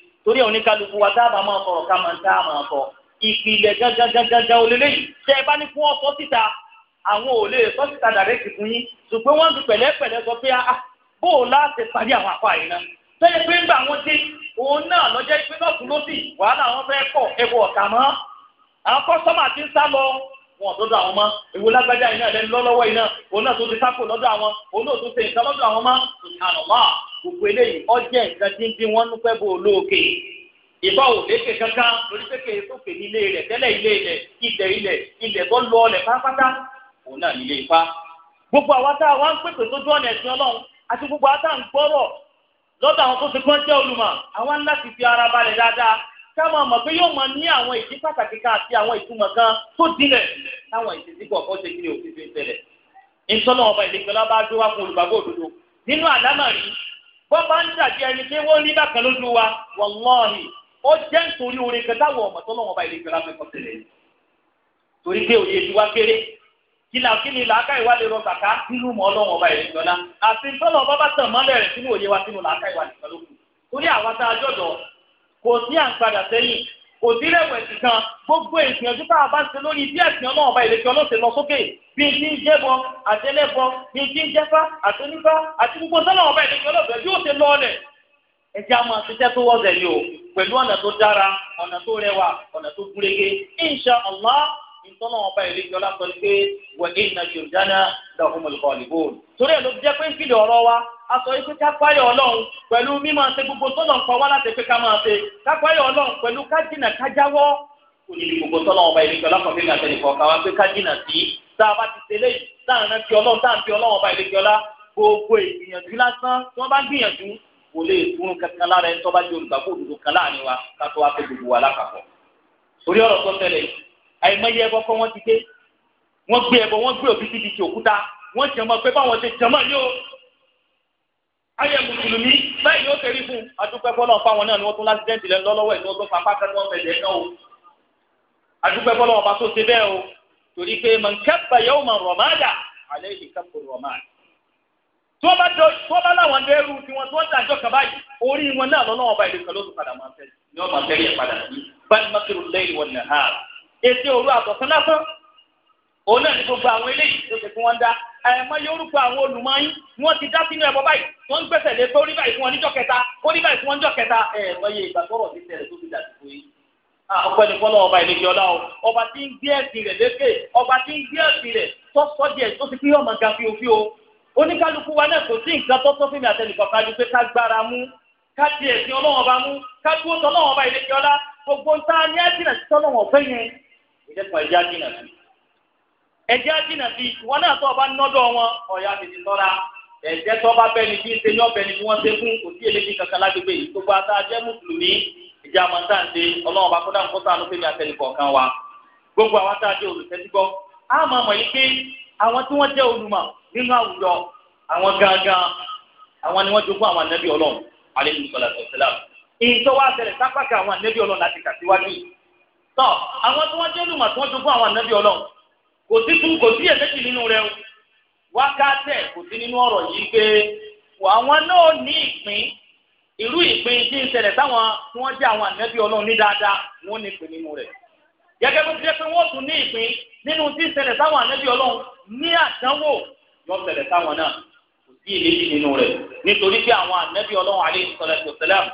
torí àwọn oníkálukú wa tá a bá máa sọ̀rọ̀ ká máa ń tá a máa sọ ìpìlẹ̀ gangan olélẹ́yìn tẹ́ ẹ bá ní fún ọ̀sọ́ síta àwọn ò lè sọ síta dàrẹ́tì fún yín ṣùgbọ́n wọ́n ti pẹ̀lẹ́pẹ̀lẹ́ sọ pé ah, ah bóò láti parí àwọn àpá yìí náà tẹ́lẹ̀ pé ń gbà wọ́n dé òun náà lọ́jọ́ ìpín náà kú lóṣì wàhálà wọn fẹ́ pọ̀ ẹ̀wọ̀ ọ̀tà mọ́ àwọn kọ́sọ́mà ti ń sá lọ wọn lọ́dọ̀ àwọn mọ́ èwo lágbájá iná ẹ̀lẹ́ni lọ́lọ́wọ́ iná òun náà tó ti sápò lọ́dọ̀ àwọn òun náà tó ti ìta lọ́dọ̀ àwọn mọ́ ìhànàmọ́ gbogbo eléyìí ọjẹ́ nǹkan tí ń dín wọ́n núpẹ́ bò lóòkè ìbá ò lékè kankan lórí pékè sókè nílé rẹ̀ tẹ́lẹ̀ ilé rẹ̀ ilẹ̀ ilẹ̀ ilẹ̀ tó lọ ọlẹ̀ pátápátá òun náà nílé ifá gbogbo àwa tá a wá ń pèsè sójú ọ̀nà ẹ̀sìn ọlọ́run àti gbogbo àwa tá à ń gbọ́rọ̀ lọ́dọ̀ àwọn tó ti gbọ́n jẹ́ olùmọ̀ àwa ńlá ti fi ara balẹ̀ dáadáa ká máa mọ̀ pé yóò máa ní àwọn ìdí pàtàkì kan àti àwọn ìtumọ̀ kan tó dilẹ̀ láwọn ìdí kọ̀ọ̀kan ṣe kí ni òfin fi ń tẹ̀lẹ̀ ìtọ́nà ọba ìdíkọlá bá dé wá fún olùgbàgbọ́ òdodo nínú àdámà rí wọ́n máa ń dàbí ẹni pé wọ́n ní bákan lójú wa wàláhì ó jẹ́ nítorí orin kẹta wọ̀ ọ̀mọ̀ tó lọ́wọ́ bá ilé ìjọba fẹ́ kọ́sílẹ̀ torí pé òye ti wá kéré kí ni kí ni làákà rọ kàkà mọ́ ọlọ́wọ́ bá ilé àti tọ́lọ̀ bá bá a jọ̀dọ̀ kò sí à kò sí rẹ̀wẹ̀sì kan gbogbo ìgbìyànjú tá a bá ń ṣe lórí bí ẹ̀sìn ọlọ́run bá ìrètí ọlọ́sẹ̀ lọ sókè bí n ti ń jẹ́bọ àtẹlẹ́bọ bí n ti ń jẹ́fá àtẹnífá àti gbogbo sọ́lọ́run bá ìrètí ọlọ́sẹ̀ yóò ṣe lọ ọ̀lẹ̀ ẹjẹ́ àwọn àṣiṣẹ́ tó wọ́ọ̀sẹ̀ ni o pẹ̀lú ọ̀nà tó dára ọ̀nà tó rẹwà ọ̀nà tó gúrégé insha allah ìtọ́nà ọba ìlẹ́jọ́ lásán ni pé wẹ̀ ẹ́ ìnàjò dáná lọ́kùnrin kọ́ọ̀lì bóòlù torí ẹ̀ ló jẹ́ pé ń fìdí ọ̀rọ̀ wa a sọ yìí pé ká páyọ̀ ọlọ́run pẹ̀lú mímọ̀ ṣe gbogbo tọ́lọ̀ ń pa wá láti pé ká máa ṣe ká páyọ̀ ọlọ́run pẹ̀lú ká jìnà ká jáwọ́ kò ní ní gbogbo tọ́lọ̀ ọba ìlú ìjọba kan fíìmù àtẹnìkọ̀ ká wá pé ká jìnà sí tá a bá ti ṣe léyìí tá a rántí ọlọ́run tá a ń fi ọlọ́run ọba ìlú ìjọba gbogbo ìgbìyànjú lásán tí wọ́n bá gbìyànjú kò lè túnú kankan lára ẹni tó bá di olùgbàgbọ́ òdodo kan ayé mùsùlùmí báyìí ó tẹ̀lé fún adúpẹ́ fọlọ́ fáwọn náà ni wọ́n tún lásìdẹ́ǹtì lẹ́nu lọ́wọ́ ìlú ọgbọ́n papá tẹ́lẹ̀ wọn fẹ̀lẹ́ náà o adúpẹ́ fọlọ́ ọba tó ṣe bẹ́ẹ̀ o torí pé mọ̀ nkẹ́pà yóò mọ̀ rọ̀mádà alẹ́ ìkẹ́pù rọ̀mádà tí wọ́n bá jọ tí wọ́n bá láwọn dẹ́rù tí wọ́n tí wọ́n dàjọ́ kaba yìí orí wọn náà lọ́nà ọba ìlú kan ló tún padà máa tẹ̀lé ni wọ́n máa tẹ̀lé yẹn padà sí bá ní mọ́tò lẹ́yìn wọn nà á ètò òru àtọ̀sán lásán òun náà ní gbogbo àwọn eléyìí tó ṣe fún wọn dá ẹ̀mọ yorùbá àwọn olùmọ̀ọ́yìn ni wọ́n ti dá sínú ẹ̀bọ báyìí wọ́n ń gbẹ̀sẹ̀ lé pé ó rí báyìí fún wọn níjọ́ kẹta ó rí báyìí fún wọn níjọ́ kẹta ẹ̀mọ yẹ ìgbà tọrọ ti tẹ̀lé tó fi dà sí fún yín. ọpẹ́ ní fọlọ ọba ìlẹjì ọlá o ọba tí ń gbé ẹ̀sìn rẹ̀ lékè ọba tí ń gbé ẹ̀sìn rẹ̀ tó sọ tó ti fi ọmọ ga fi òfin o oníkálukú wa náà kò sí nǹkan tó tó fún mi àtẹnìkọ̀ kájú pé ká gbára mú ká di ẹ̀jẹ̀ àjìnà sí ìwọ náà tó ọba nọ́dọ̀ wọn ọ̀yà tètè sọ́ra ẹ̀jẹ̀ tó ọba bẹ́ni tí ń ṣe ní ọbẹ̀ ni wọ́n ṣe fún òsì èléjì kankan lágbègbè yìí gbogbo ata jẹ́ mùsùlùmí ìjà àmọ̀tàǹde ọlọ́run ọba kódà ń kó sànú fẹ́mi àtẹnìkọ̀ọ̀kan wa gbogbo àwọn tá a jẹ́ olùtẹ́tígbọ́ á máa mọ̀ yìí pé àwọn tí wọ́n jẹ́ olùmọ̀ nínú àwùjọ àwọn gangan àwọn ni wọ́n jogún àwọn ànábì ọlọ́run aleyhi salatu salam ìtọ́ wa ṣẹlẹ̀ sápàkà àwọn ànábì ọlọ́run láti kà síwájú tọ́ àwọn tí wọ́n jẹ́ olùmọ̀ tí wọ́n kò sí tún kò sí èméjì nínú rẹ o wákàtẹ kò sí nínú ọ̀rọ̀ yìí pé àwọn náà ní ìpín irú ìpín tí ń ṣẹlẹ̀ táwọn tí wọ́n jẹ́ àwọn ànábì Ọlọ́run ní dáadáa wọ́n ní ìpín nínú rẹ̀ gẹ́gẹ́ bó ti jẹ́ pé wọ́n tún ní ìpín nínú tí ń ṣẹlẹ̀ táwọn ànábì Ọlọ́run ní àdánwò yọ ṣẹlẹ̀ táwọn náà kò sí ìlédì nínú rẹ̀ nítorí pé àwọn ànábì Ọlọ́run alayhi salatu wassalam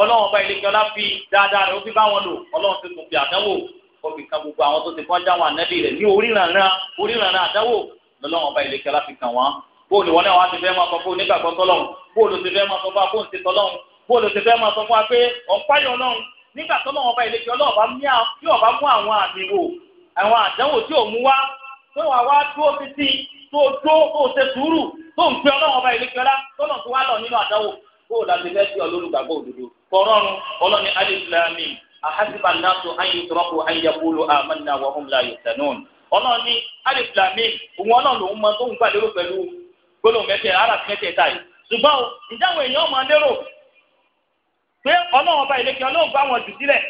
Ọlọ́run ọba ìlẹkẹọlá fi dáadáa rẹ̀ ó fi bá wọn lò Ọlọ́run ti tún fi àdánwò kó fi kan gbogbo àwọn tó ti kọ́ dáwọn ànábì rẹ̀ ní oríranran oríranran àdáwò lọ́lọ́wọ́n ọba ìlẹ̀kẹ́ láti kàn wọ́n bóòlù wọn náà wá ti fẹ́ máa sọ fún onígbàgbọ́ tọ́lọ́hún bóòlù ti fẹ́ máa sọ fún akóhùn ti tọ́lọ́hún bóòlù ti fẹ́ máa sọ fún apé ọ̀npáyọ̀ ọlọ́hún nígbà tọ́lọ́wọ́n ọba ìlẹ̀kẹ́ ọlọ́ọ̀bá tí ọba mú àwọn àmì wò àwọn àdánwò tí ò mú wá tó wà wá dúró títí tó dó tó ṣe sùúrù tó ń pe ọlọ́wọ́n ọba ìlẹ̀kẹ́ ọlá tọ́lọ́ tó wá lọ nínú àdánwò bóòlù àti fẹ́ sí ọlọ́lùgbàgbọ́ òdodo kọ́rọ́run ọlọ́ni alẹ́ ìsìlámì ahasiba nasu anyi turaku anyi yakulu amanna wa hum la yuftanun ọlọ́run ní alif lam mim òun ọlọ́run lòun mọ tó ń gbà lérò pẹ̀lú gbólóhùn mẹ́tẹ̀ ara mẹ́tẹ̀ẹ̀ta yìí ṣùgbọ́n ìjà àwọn èèyàn máa lérò pé ọlọ́run ọba ìlẹ́kẹ̀ ọlọ́run bá wọn jù sílẹ̀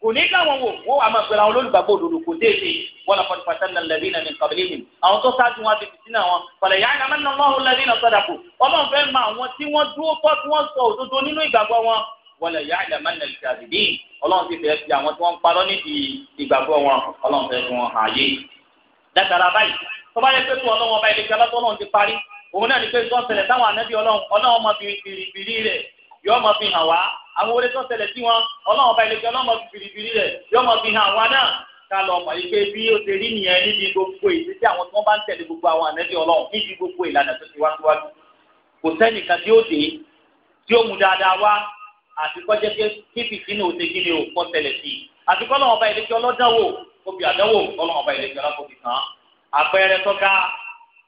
kò ní káwọn wò wọ́n wà máa pẹ̀lú àwọn olólùgbàgbọ́ òdòdó kò déédé wọn lọ fọdù pàtàkì náà lẹ́bí náà ní kọ̀bílì mi àwọn tó ṣáájú wọn ti fìtínà wọn pàlẹ́ yá ẹ̀ka mẹ́rin náà lọ́hùn lẹ́bí náà sọ̀dà wala ya'lamanna al-kadhibin ọlọ́run ti fẹ́ẹ́ fi àwọn tí wọ́n ń parọ́ nídìí ìgbàgbọ́ wọn ọlọ́run fẹ́ẹ́ fi wọn hàn yé. dákàrà báyìí tó bá yẹ pé tó ọlọ́run ọba ìlẹ̀kẹ́ ọlọ́tọ́ ọlọ́run ti parí òun náà ní pé tó ń ṣẹlẹ̀ táwọn ànábì ọlọ́run ọlọ́run máa fi bìrìbìrì rẹ̀ yóò máa fi hàn wá àwọn orí tó ń ṣẹlẹ̀ sí wọn ọlọ́run ọba ìlẹ̀kẹ́ ọlọ́run máa fi bìrìbìrì rẹ̀ yóò máa fi hàn wá náà ká lọ yìí pé bí ó ti rí nìyẹn níbi gbogbo èyí tí àwọn tí wọ́n bá ń tẹ̀lé gbogbo àwọn ànábì ọlọ́run níbi gbogbo ìlànà tó ti wá síwájú kò sẹ́nìkan tí ó dé tí ó mú dáadáa wá àtikọ́jẹ́ pé kíbi ìdínà òde kí ni ò kọ́ tẹ̀lẹ̀ sí i àtikọ́ lọ́wọ́ ọba ìlẹ́kẹ́ ọlọ́dánwò obì àdánwò ọlọ́wọ́ ọba ìlẹ́kẹ́ ọlọ́kọ̀ọ́bì kan àpẹẹrẹ tọ́ka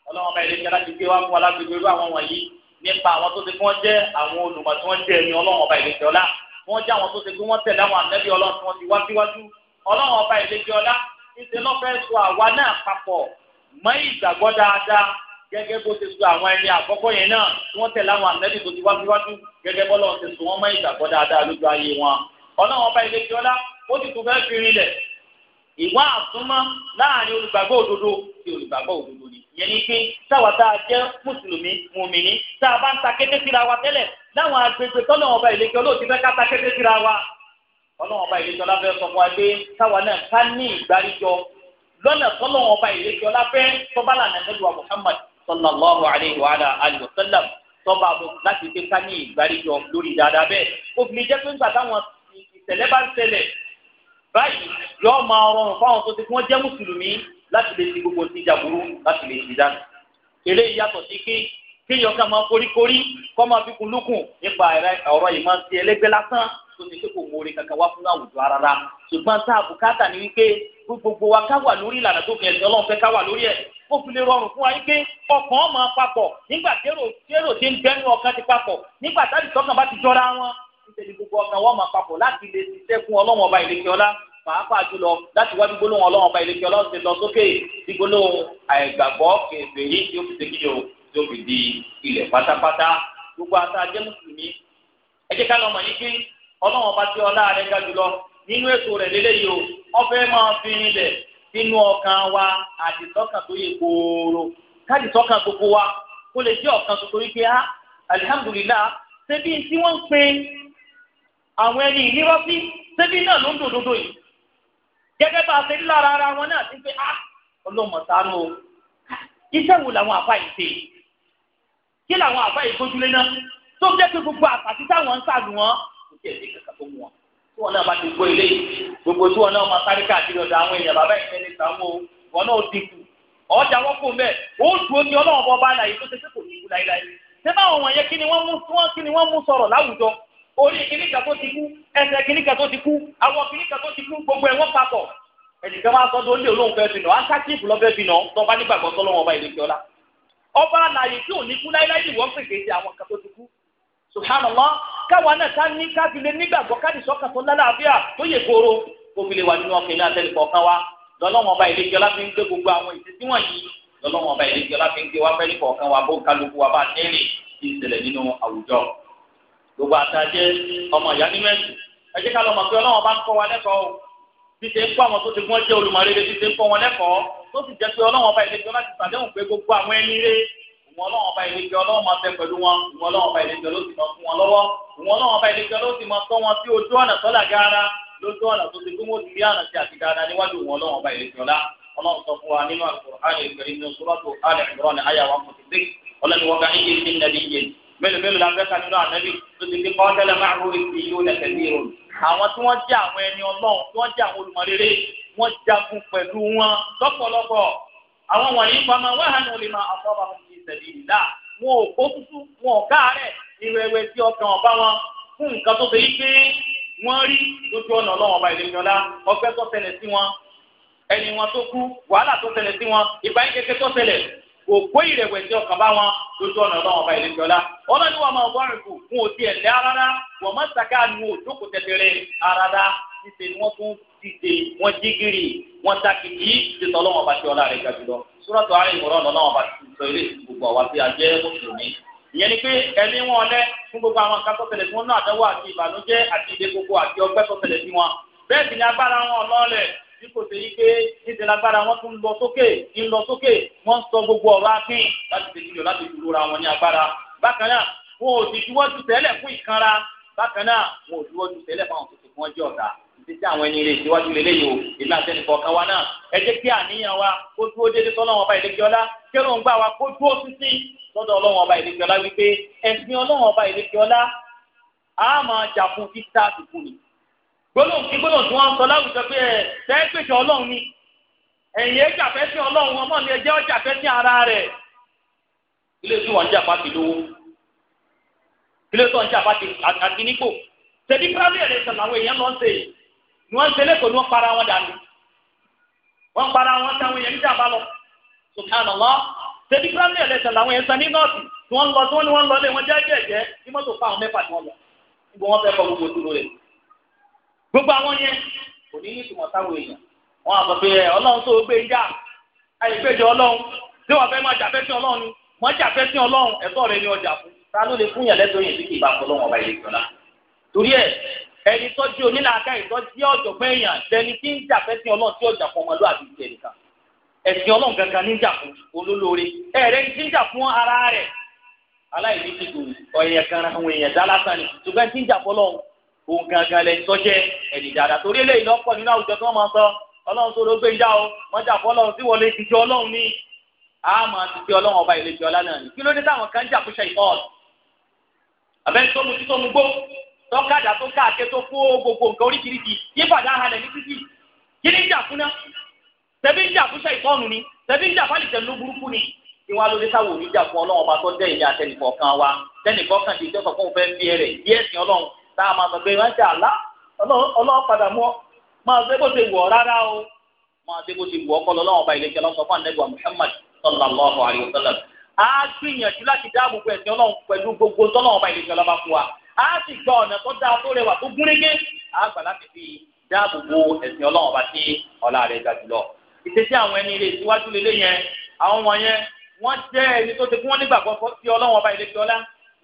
ọlọ́wọ́ ọba ìlẹ́kẹ́ alágbègbè wa fún alágbègbè irú àwọn wọ̀nyí nípa àwọn tó ti kí wọ́n jẹ́ àwọn olùmọ̀ tí wọ́n jẹ́ ẹni ọlọ́wọ́ ọba ìlẹ́kẹ́ ọlá wọ́n jẹ́ àwọn tó ti kí wọ́n tẹ̀lé àwọn ànábì ọlọ́run tí wọ́n ti wá síwájú ọlọ́wọ́ ọba ìlẹ́kẹ́ ọlá ìṣe lọ́fẹ́ sọ àwa náà papọ̀ mọ́ ìgbàgbọ́ dáadáa gẹ́gẹ́ bó ti sọ àwọn ẹni àkọ́kọ́ yẹn náà tí wọ́n tẹ̀lé àwọn ànábì tó ti wá síwájú gẹ́gẹ́ bọ́lá ti sọ wọ́n mọ́ ìgbàgbọ́ dáadáa lójú ayé wọn. ọlọ́run ọba ilé fiọ́lá ó sì tún fẹ́ fi rinlẹ̀ ìwà àtúmọ̀ láàrin olùgbàgbọ́ òdodo ti olùgbàgbọ́ òdodo ni. ìyẹn ni pé táwa tá a jẹ́ mùsùlùmí mùmìnì tá a bá ń ta kété síra wa tẹ́lẹ̀ láwọn agbègbè tọ́lọ́wọ́n ọba ìlẹ́kẹ́ olóòtú fẹ́ ká ta kété síra wa. ọlọ́wọ́n ọba ìlẹ́kẹ́ ọlá fẹ́ sọ fún wa pé táwa náà ká ní ìgbàlejò lọ́nà tọ́lọ́wọ́n ọba ìlẹ́kẹ́ ọlá fẹ́ tọ́bálà nàìjíríà Muhammad sallallahu alayhi wa alayhi wa sallam tọ́ba àbò láti pé ká ní ìgbàlejò lórí dáadáa bẹ́ẹ̀ obìnrin jẹ́ pé nígbà táwọn ìṣẹ̀lẹ̀ bá ń ṣẹlẹ̀ báyìí yóò máa rọrùn fáwọn tó ti fún wọn jẹ́ mùsùlùmí láti lè ti gbogbo ti jàbúrú láti lè ti dànù eléyìí yàtọ̀ sí pé kéèyàn ká máa koríkorí kọ́ máa fi kun lókun nípa ọ̀rọ̀ yìí máa ń ti ẹlẹ́gbẹ́ lásán tó ti pé kò kankan wá fún àwùjọ rárá ṣùgbọ́n tá àbùkátà ni wípé gbogbo wa ká wà lórí ìlànà tó fi ẹ̀sìn ọlọ́run fẹ́ ká wà lórí ẹ̀ ó fi lè rọrùn fún wa yín pé ọkàn ọmọ papọ̀ nígbà tẹ́rò tẹ́rò ti ń bẹ́nu ọkàn ti papọ̀ nígbà tábì tọkàn bá ti jọra wọn nítorí gbogbo ọkàn wọn máa papọ̀ láti lè ṣiṣẹ́ fún ọlọ́wọ́n ọba ìlẹ́kẹ́ ọlá pàápàá jùlọ láti wá gbígbólóhùn ọlọ́wọ́n ọba ìlẹ́kẹ́ ọlá ṣe lọ sókè gbígbólóhùn àìgbàgbọ́ kèfèrí tí ó fi ṣe kíjọ tí ó fi di ilẹ̀ pátápátá gbogbo ata jẹ́ mùsùlùmí ẹ jẹ́ ká lọ́mọ yín pé ọlọ́wọ́n ọba tí ọlá rẹ̀ ga jùlọ nínú ètò rẹ̀ lélẹ́yìí o wọ́n fẹ́ máa fi rinlẹ̀ nínú ọkàn wa àdìsọ́kàn tó yẹ kóóró kádìsọ́kàn gbogbo wa kó lè jẹ́ ọ̀kan tuntun wípé á ah, alihamudulilayi ṣebí tí wọ́n ń pe àwọn ẹni ìlírọ́ sí ṣebí náà ló ń dòdòdò yìí gẹ́gẹ́ bá a ṣe rí lára ara wọn náà ti pé á ọlọ́mọ sáré o iṣẹ́ wo làwọn àfa yìí ṣe kí làwọn àfa yìí gbójúlé náà tó jẹ́ pé gbogbo àpàtì táwọn ń sàlù wọn kò tiẹ̀ sí kankan tó mú wọn. tí wọn náà bá ti gbọ́ ilé gbogbo tí wọn náà máa sáré káàkiri ọ̀dọ̀ àwọn èèyàn bàbá ìfẹ́lẹ́ ìsàwọn o wọn náà ọjà wọn kò mẹ ó dùn omi ọlọ́run tó ṣe kò ní ṣé kí ni sọ̀rọ̀ láwùjọ orí kan ti kú kan ti kú kan ti kú gbogbo wọ́n papọ̀ ẹnìkan ọba subhanallah káwa náà ká ní ká fi lè nígbàgbọ́ ká ní sọ́kà tó lálàáfíà tó yẹ kóró kó fi lè wà nínú ọkàn ilé àtẹnì kọ̀ọ̀kan wa lọ́lọ́wọ́n ọba ìlẹ́jọ́ láti ń gbé gbogbo àwọn ìṣesí wọ̀nyí lọ́lọ́wọ́n ọba ìlẹ́jọ́ láti ń gbé wá fẹ́ ní kọ̀ọ̀kan wa bó kálukú wa bá tẹ́lẹ̀ ti ṣẹlẹ̀ nínú àwùjọ. gbogbo àtàjẹ́ ọmọ ìyá nínú ẹ̀sìn ẹ jẹ́ ká lọ́mọ pé ìwọ̀n ọlọ́run ọba ìlẹ́jọ́ ọlọ́run máa bẹ pẹ̀lú wọn ìwọ̀n ọlọ́run ọba ìlẹ́jọ́ ló sì máa fún wọn lọ́wọ́ ìwọ̀n ọlọ́run ọba ìlẹ́jọ́ ló sì máa tọ́ wọn sí ojú ọ̀nà tọ́lá gaara lójú ọ̀nà tó ti kú mọ́ ìdílé àná sí àti dáadáa níwájú ìwọ̀n ọlọ́run ọba ìlẹ́jọ́ lá ọlọ́run sọ fún wa nínú Al-Qur'an al-Karim nínú Suratu Ali Imran àyà wa kò ti dé ọlọ́run wọn kàní yéé nínú ẹni yé mélòó mélòó la fẹ́ ka nínú ànábì tó ti dé kọ́ tẹ́lẹ̀ máa ro èsì yóò lẹ́sẹ̀ ní ìròyìn àwọn tí wọ́n jẹ́ àwọn ẹni ọlọ́run tí wọ́n jẹ́ àwọn olùmọ̀lérè wọ́n jagun pẹ̀lú wọn lọ́pọ̀lọpọ̀ àwọn wọ̀nyí pamọ́ wàhánu lè máa àtọ́ bá wọn sabilillah wọn ò kó tútù wọn ò káàárẹ̀ ìrẹ̀wẹ̀sì ọkàn ọ̀bá wọn fún nǹkan tó ṣe yí pé wọ́n rí lójú ọ̀nà ọlọ́wọ́n ọba ìlú ìyọ̀lá ọgbẹ́ tó ṣẹlẹ̀ sí wọn ẹni wọn tó kú wàhálà tó ṣẹlẹ̀ sí wọn ìbáyé kékeré tó ṣẹlẹ̀ kò kó ìrẹ̀wẹ̀sì ọkàn bá wọn lójú ọ̀nà ọlọ́wọ́n ọba ìlú ìjọlá ọlọ́ni wọn máa wọ́n rìn kù fún òdi ẹ̀lẹ́ rárá wọ́n máa sàkà nu òjókòó tẹ̀tẹ̀rẹ̀ rárá níṣẹ́ ni wọ́n tún dìde wọ́n jígìrì wọ́n dákìtì ti tọ́ lọ́wọ́ bá ti ọlá rẹ̀ gàdú lọ. Súrọ̀tù àárín ìmọ̀ràn lọ́wọ́ bá ti sọ eré gbogbo àwa tí a jẹ́ mùsùlùmí. Ìyẹn ni pé ẹ̀mí wọn lẹ fún gbogbo àwọn nǹkan tó tẹ̀lé fún wọn náà àdánwò àti ìbànújẹ́ àti ìdè gbogbo àti ọgbẹ́ tó tẹ̀lé sí wọn. Bẹ́ẹ̀ sì ni agbára wọn lọ́ọ̀lẹ̀ bí kò sí pé níṣẹ́ lágbára wọn tún lọ sókè ń lọ sókè wọ́n sọ gbogbo ọ̀rọ̀ akin láti fi kìlọ̀ láti fi lura wọn ní agbára. Bákan náà, wọn ò sì juwọ́ ju tẹ́lẹ̀ fún ìkanra. Bákan náà, wọn ò juwọ́ ju tẹ́lẹ̀ fún àwọn tó ti fún ọjọ́ ọ̀tá títí àwọn ẹni rẹ̀ síwájú lélẹ́yìí o ìlà àtẹnukọ̀ọ̀kan wa náà ẹ jẹ́ kí àníyàn wa kó dúró dédé sọ́lọ́wọ́n ọba ìlẹ́kíọ́lá kí ọlọ́run gbà wa kó dúró títí lọ́dọ̀ ọlọ́run ọba ìlẹ́kíọ́lá wípé ẹ̀sìn ọlọ́run ọba ìlẹ́kíọ́lá á máa jà fún títà àtìkù ni. gbólóhùn kí gbólóhùn tí wọ́n sọ láwùjọ pé ẹ fẹ́ pèsè ọlọ́run ni ẹ̀yìn ẹ jà fẹ́ sí ọlọ́run ọmọ mi ẹ jẹ́ ọjà fẹ́ sí ara rẹ̀ kílé tí wọ́n ń jà pàtì lówó kílé tí wọ́n ń jà pàtì àtìníkò tẹ̀lé pírálì ẹ̀rẹ́ sàn làwọn èèyàn lọ ń ṣe ni wọ́n ń ṣe lẹ́kọ̀ọ́ ni wọ́n para wọn dànù wọ́n para wọn táwọn èèyàn níjà bá lọ subhanallah tẹbi gírámì ẹlẹsẹ làwọn èèyàn sani nọọsì tí wọ́n lọ tí wọ́n ní wọ́n lọ lé wọn jẹjẹ jẹ kí mọ́tò fún àwọn mẹ́fà tí wọ́n lọ níbo wọ́n fẹ́ kọ gbogbo dúró rẹ gbogbo àwọn yẹn kò ní ìtumọ̀ táwọn èèyàn wọ́n àbọ̀ pé ọlọ́run tó gbé ń jà àyè péjọ ọlọ́run tí wọ́n fẹ́ máa jà fẹ́ sí ọlọ́run ni wọ́n jà fẹ́ sí ọlọ́run ẹ̀tọ́ rẹ ni ọjà fún ta ló lè fún yàn lẹ́tọ̀ọ́ yẹn bí kì í bá fọlọ́wọn ọba ìlẹ̀kọ́lá torí ẹ̀ ẹni tọ́jú onílàáká ìtọ́jú ọ̀jọ̀gbọ́n èèyàn tẹni tí ń jà fẹ́sìn ọlọ́run tí ọjà fún ọmọlúwàbí ti ẹnìkan ẹ̀sìn ọlọ́run gangan ní jà fún olólóore ẹ̀rẹ́ ní ti ń jà fún ara rẹ̀ aláìní ti dùn ọ̀yẹ̀ kan àwọn èèyàn dá ni ṣùgbọ́n tí ń jà fọlọ́run òun gangan lẹ́yìn tọ́jẹ́ ẹ̀nì dáadáa torí eléyìí lọ́pọ̀ nínú àwùjọ tí wọ́n máa sọ ọlọ́run tó ló gbé ìjà o wọ́n jà fọlọ́run tí wọlé ti jẹ ọlọ́run ní àmọ́ ti jẹ ọlọ́run ọba ìlejò ọlá ni kí ló dé táwọn kan jà fún ṣe tọ́kadà tó káàkiri tó kó gbogbo nǹkan oríṣiríṣi yípadà halẹ̀ ní títì kí ni ìjà fún náà tẹ̀bí ń jà fún ṣàìtọ́nù ni tẹ̀bí ń jà fún àlìjẹ̀nu burúkú ni kí wọ́n á lóde táwọn òní jà fún ọlọ́run bá tó dẹ́ ìyá àtẹnìkọ̀ kan wa tẹnìkọ̀ kan ti tẹ́sọ̀ fún fẹ́ẹ́ bí ẹrẹ̀ bí ẹ̀sìn ọlọ́run tá a máa sọ pé wọ́n jà lá ọlọ́run padà mọ́ máa ṣe bó ṣe wọ̀ rárá o máa ṣe bó ṣe wọ̀ ọkọ lọ́wọ́ ọba ìlẹ̀kẹ́ lọ́sọ̀ fún anẹ́gbà Muhammad sallallahu alayhi wa sallam a gbìyànjú láti dáàbò bo ẹ̀sìn ọlọ́run pẹ̀lú gbogbo tọ́lọ́wọ́ ọba ìlẹ̀kẹ́ lọ́ba fún wa á sì gba ọ̀nà tó dáa tó rẹwà tó gúnrégé á gbà láti fi dáàbò bo ẹ̀sìn ọlọ́run ọba tí ọlá rẹ̀ ga jùlọ. ìṣesí àwọn ẹni ilé ìsíwájú lélẹ̀ yẹn àwọn wọn yẹn wọ́n jẹ́ ẹni tó ti fún wọn nígbàgbọ́ sí ọlọ́run ọba ìlẹ́kẹ́ ọlá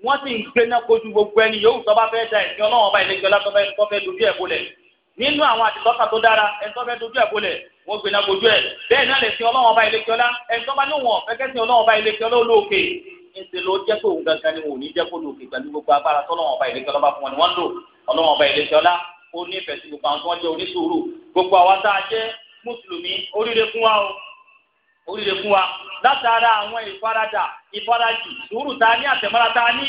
wọ́n sì ń gbéná kojú gbogbo ẹni yòówù tó bá fẹ́ da ẹ̀sìn ọlọ́run ọba ìlẹ́kẹ́ ọlá tó fẹ́ dojú ẹ̀ bolẹ̀ nínú àwọn àtìlọ́kà ọlá tó bá ńṣe ló jẹ́ pé òun gangan ni wọn ò ní jẹ́ kó lòkè pẹ̀lú gbogbo agbára tọ́lọ́wọ́n ọba ìlẹ́kẹ́ ọlọ́ba fún wọn ni wọ́n ń lò ọlọ́wọ́n ọba ìlẹ́kẹ́ ọlá ó nífẹ̀ẹ́ sí gbogbo àwọn tí wọ́n jẹ́ onísùúrù gbogbo àwa tá a jẹ́ mùsùlùmí oríire fún wa o oríire fún wa látara àwọn ìfaradà ìfarajì sùúrù tá a ní àtẹ̀mọ́ra tá a ní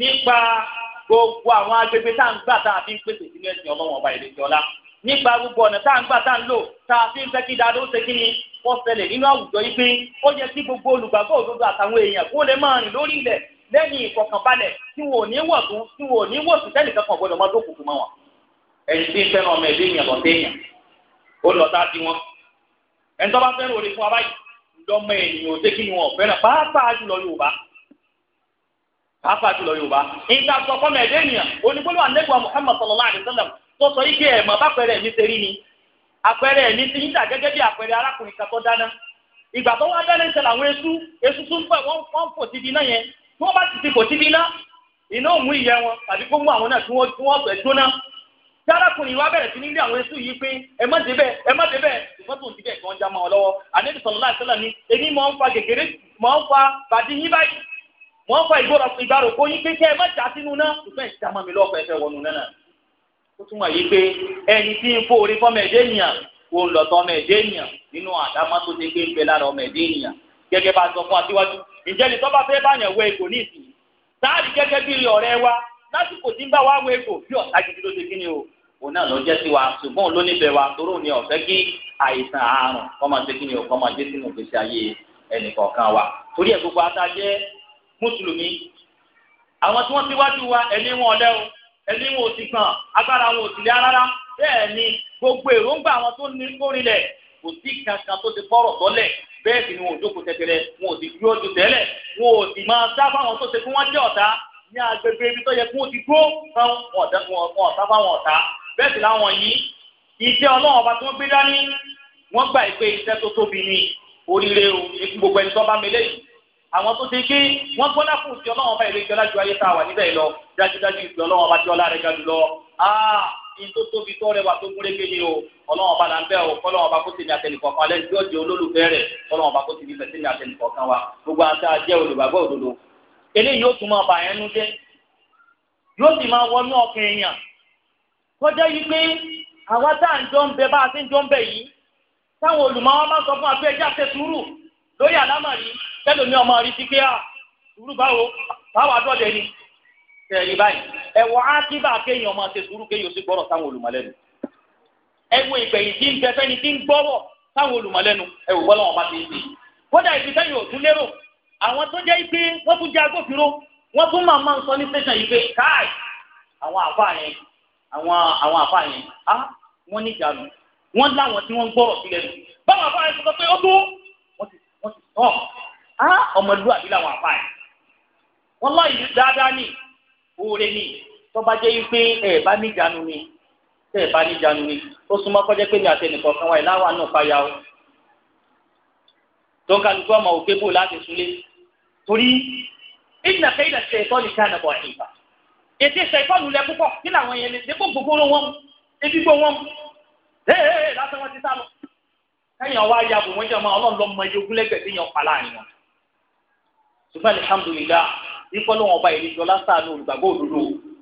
nípa gbogbo àwọn agbègbè tá à ń gbà tá a fi ń pèsè sínú ẹ̀sìn ọlọ́wọ́n ọba ìlẹ́kẹ́ ọlá nípa gbogbo ọ̀nà tá à ń gbà tá à ń lò tá a fi ń fẹ́ kí dáadó ṣe kí ni fọ́sẹ̀lẹ̀ nínú àwùjọ yìí pé ó yẹ kí gbogbo olùgbàgbọ́ òdodo àtàwọn èèyàn kó lè máa rìn lórí ilẹ̀ lẹ́yìn ìfọkànbalẹ̀ tí wọn ò ní wọ̀tún tí wọn ò ní wọ̀tún tẹ́lẹ̀ kankan gbọdọ̀ máa dókòkò mọ́ wọn. ẹ̀yin tí ń fẹ́ràn ọmọ ẹ̀dẹ́ èèyàn lọ́tẹ́ ó a di wọn. ẹni tó bá orí fún wa báyìí ni wọn pàápàá jùlọ Yorùbá pàápàá jùlọ Yorùbá. àpẹẹrẹ ẹ̀mí ti yín dà gẹ́gẹ́ bí àpẹẹrẹ arákùnrin kan tó dáná ìgbà tó wá dáná ìṣẹ̀lẹ̀ àwọn esu esu tún pẹ̀ wọ́n wọ́n fò síbi iná yẹn tí wọ́n bá ti ti fò síbi iná iná ò mú ìyẹ́ wọn tàbí kó mú àwọn náà tí wọ́n tí wọ́n fẹ́ jóná tí arákùnrin wa bẹ̀rẹ̀ sí ní ilé àwọn esu yìí pé ẹ má débẹ̀ ẹ má débẹ̀ ìfọ́n tó ń dibẹ̀ já mọ́ lọ́wọ́ àdébí ni èmi mọ̀ ń fa gègéré mọ̀ ń fa bàdí yín báyìí mọ̀ ń ó túmọ̀ yìí pé ẹni tí ń fòrè fọmọ ẹ̀dẹ́ ènìyàn kò ń lọ̀tọ̀ ọmọ ẹ̀dẹ́ ènìyàn nínú àdámọ́ tó ṣe pé ń bẹ lára ọmọ ẹ̀dẹ́ ènìyàn gẹ́gẹ́ bá a sọ fún aṣíwájú ǹjẹ́ ni tọ́ba fẹ́ báyàn wẹ èkó ní ìsìn sáàrì gẹ́gẹ́ bí ọ̀rẹ́ wa lásìkò tí ń bá wa wẹ èkó bí ọ̀tá gidi ló ṣe kí ni o òun náà ló jẹ́ sí wa ṣùgbọ́n ló nífẹ̀ẹ́ wa toró ni ọ̀fẹ́ kí àìsàn àrùn kọ́mọ ṣe kí ni o kọ́mọ dé sínú ìgbésí ayé ẹnìkọ̀ọ̀kan wa torí ẹ̀ gbogbo ata jẹ́ mùsùlùmí àwọn tí wọ́n ti wájú wa ẹ̀mí wọn lẹ́wọ̀n ẹni wọn ò sì kàn agbára wọn ò sì lé rárá bẹ́ẹ̀ ni gbogbo èròǹgbà àwọn tó ní kórìlẹ̀ kò sí kankan tó ti fọ́rọ̀ tọ́lẹ̀ bẹ́ẹ̀ sì ni wọn ò jókòó tẹ̀tẹ̀rẹ̀ wọn ò sì dúró ju tẹ́lẹ̀ wọn ò sì máa sá fáwọn tó ṣe fún wọn jẹ́ ọ̀tá ní agbègbè ibi tó yẹ kí ti dúró fáwọn ọ̀tá bẹ́ẹ̀ sì láwọn yìí iṣẹ́ ọlọ́run ọba tí wọ́n gbé dání wọ́n gbà pé iṣẹ́ tó tóbi ni oríire o gbogbo ẹni tó bá mi léyìí àwọn tó ti gbé wọn gbọ́dá fún ìfẹ́ ọlọ́run ọba ìlú ìjọba ju ayé tá a wà níbẹ̀ lọ dájúdájú ìfẹ́ ọlọ́run ọba tí ọlá rẹ̀ ga jùlọ aa ah, in tó tóbi tó rẹwà tó múlẹ̀ kéde o ọlọ́run ọba là ń bẹ̀ o kọ́lọ́run ọba kó ti ní àtẹnìkọ̀ kan alẹ́ tí ó jẹ́ olólùfẹ́ rẹ̀ kọ́lọ́run ọba kó ti ní fẹ̀sí ní àtẹnìkọ̀ kan wa gbogbo àti àjẹ́ olùgbàgbọ́ òdodo eléyìí yóò tún máa bà yẹn nú jẹ́ yóò sì máa wọnú ọkàn èèyàn kọjá yìí pé àwa tá à ń jọ ń bẹ a ti ń jọ ń lórí àlámọ̀rí tẹ́lẹ̀ ní ọmọ rí sí ah, sùúrù báwo báyìí á kí bá kéèyàn máa ṣe sùúrù kéèyàn sì gbọ́rọ̀ sáwọn olùmọ̀lẹ́nu ẹ̀wọ̀ ìgbẹ̀yìn tí ń bẹ fẹ́ni tí ń gbọ́rọ̀ sáwọn olùmọ̀lẹ́nu bọ́lá wọn bá ti ń kódà lérò àwọn tó jẹ́ wọ́n tún jẹ́ agbófinró wọ́n tún máa máa ń sọ ní tẹ̀sán yìí pé káì àwọn yẹn àwọn àwọn wọ́n ti tọ́ á ọmọlúwàbí làwọn àfa yìí wọ́n lọ yìí dáadáa ní oore ní tọ́ba jẹ́ yìí ẹ̀ bá níjànú ni ẹ̀ bá níjànú ni ó súnmọ́ kọjá pé ní àtẹnìkọ̀ kan wáyé láwa náà fàyà o tó ń kálukú ọmọ òkè bò láti súnlé torí ìnà kẹ́hìnà ṣe ẹ̀tọ́ ní káàna bọ̀ ẹ̀yìnbá ètè ṣẹ̀tọ́nù lẹ púpọ̀ kí làwọn yẹn lè dé gbogbo wọn ebi gbogbo wọn ee lásán wọn ti kẹ́yìn ọwọ́ ayé àbùmọ́ jẹ́ ọmọ ọlọ́run lọ́mọ ẹjọ́ ogúnlẹ́gbẹ̀ẹ́ tí yàn pàlà àyàn ṣùgbọ́n alihamudulilá ikọ́ ló wọn ọba ìlẹ́jọ́ lásàánú olùgbàgbọ́ òdodo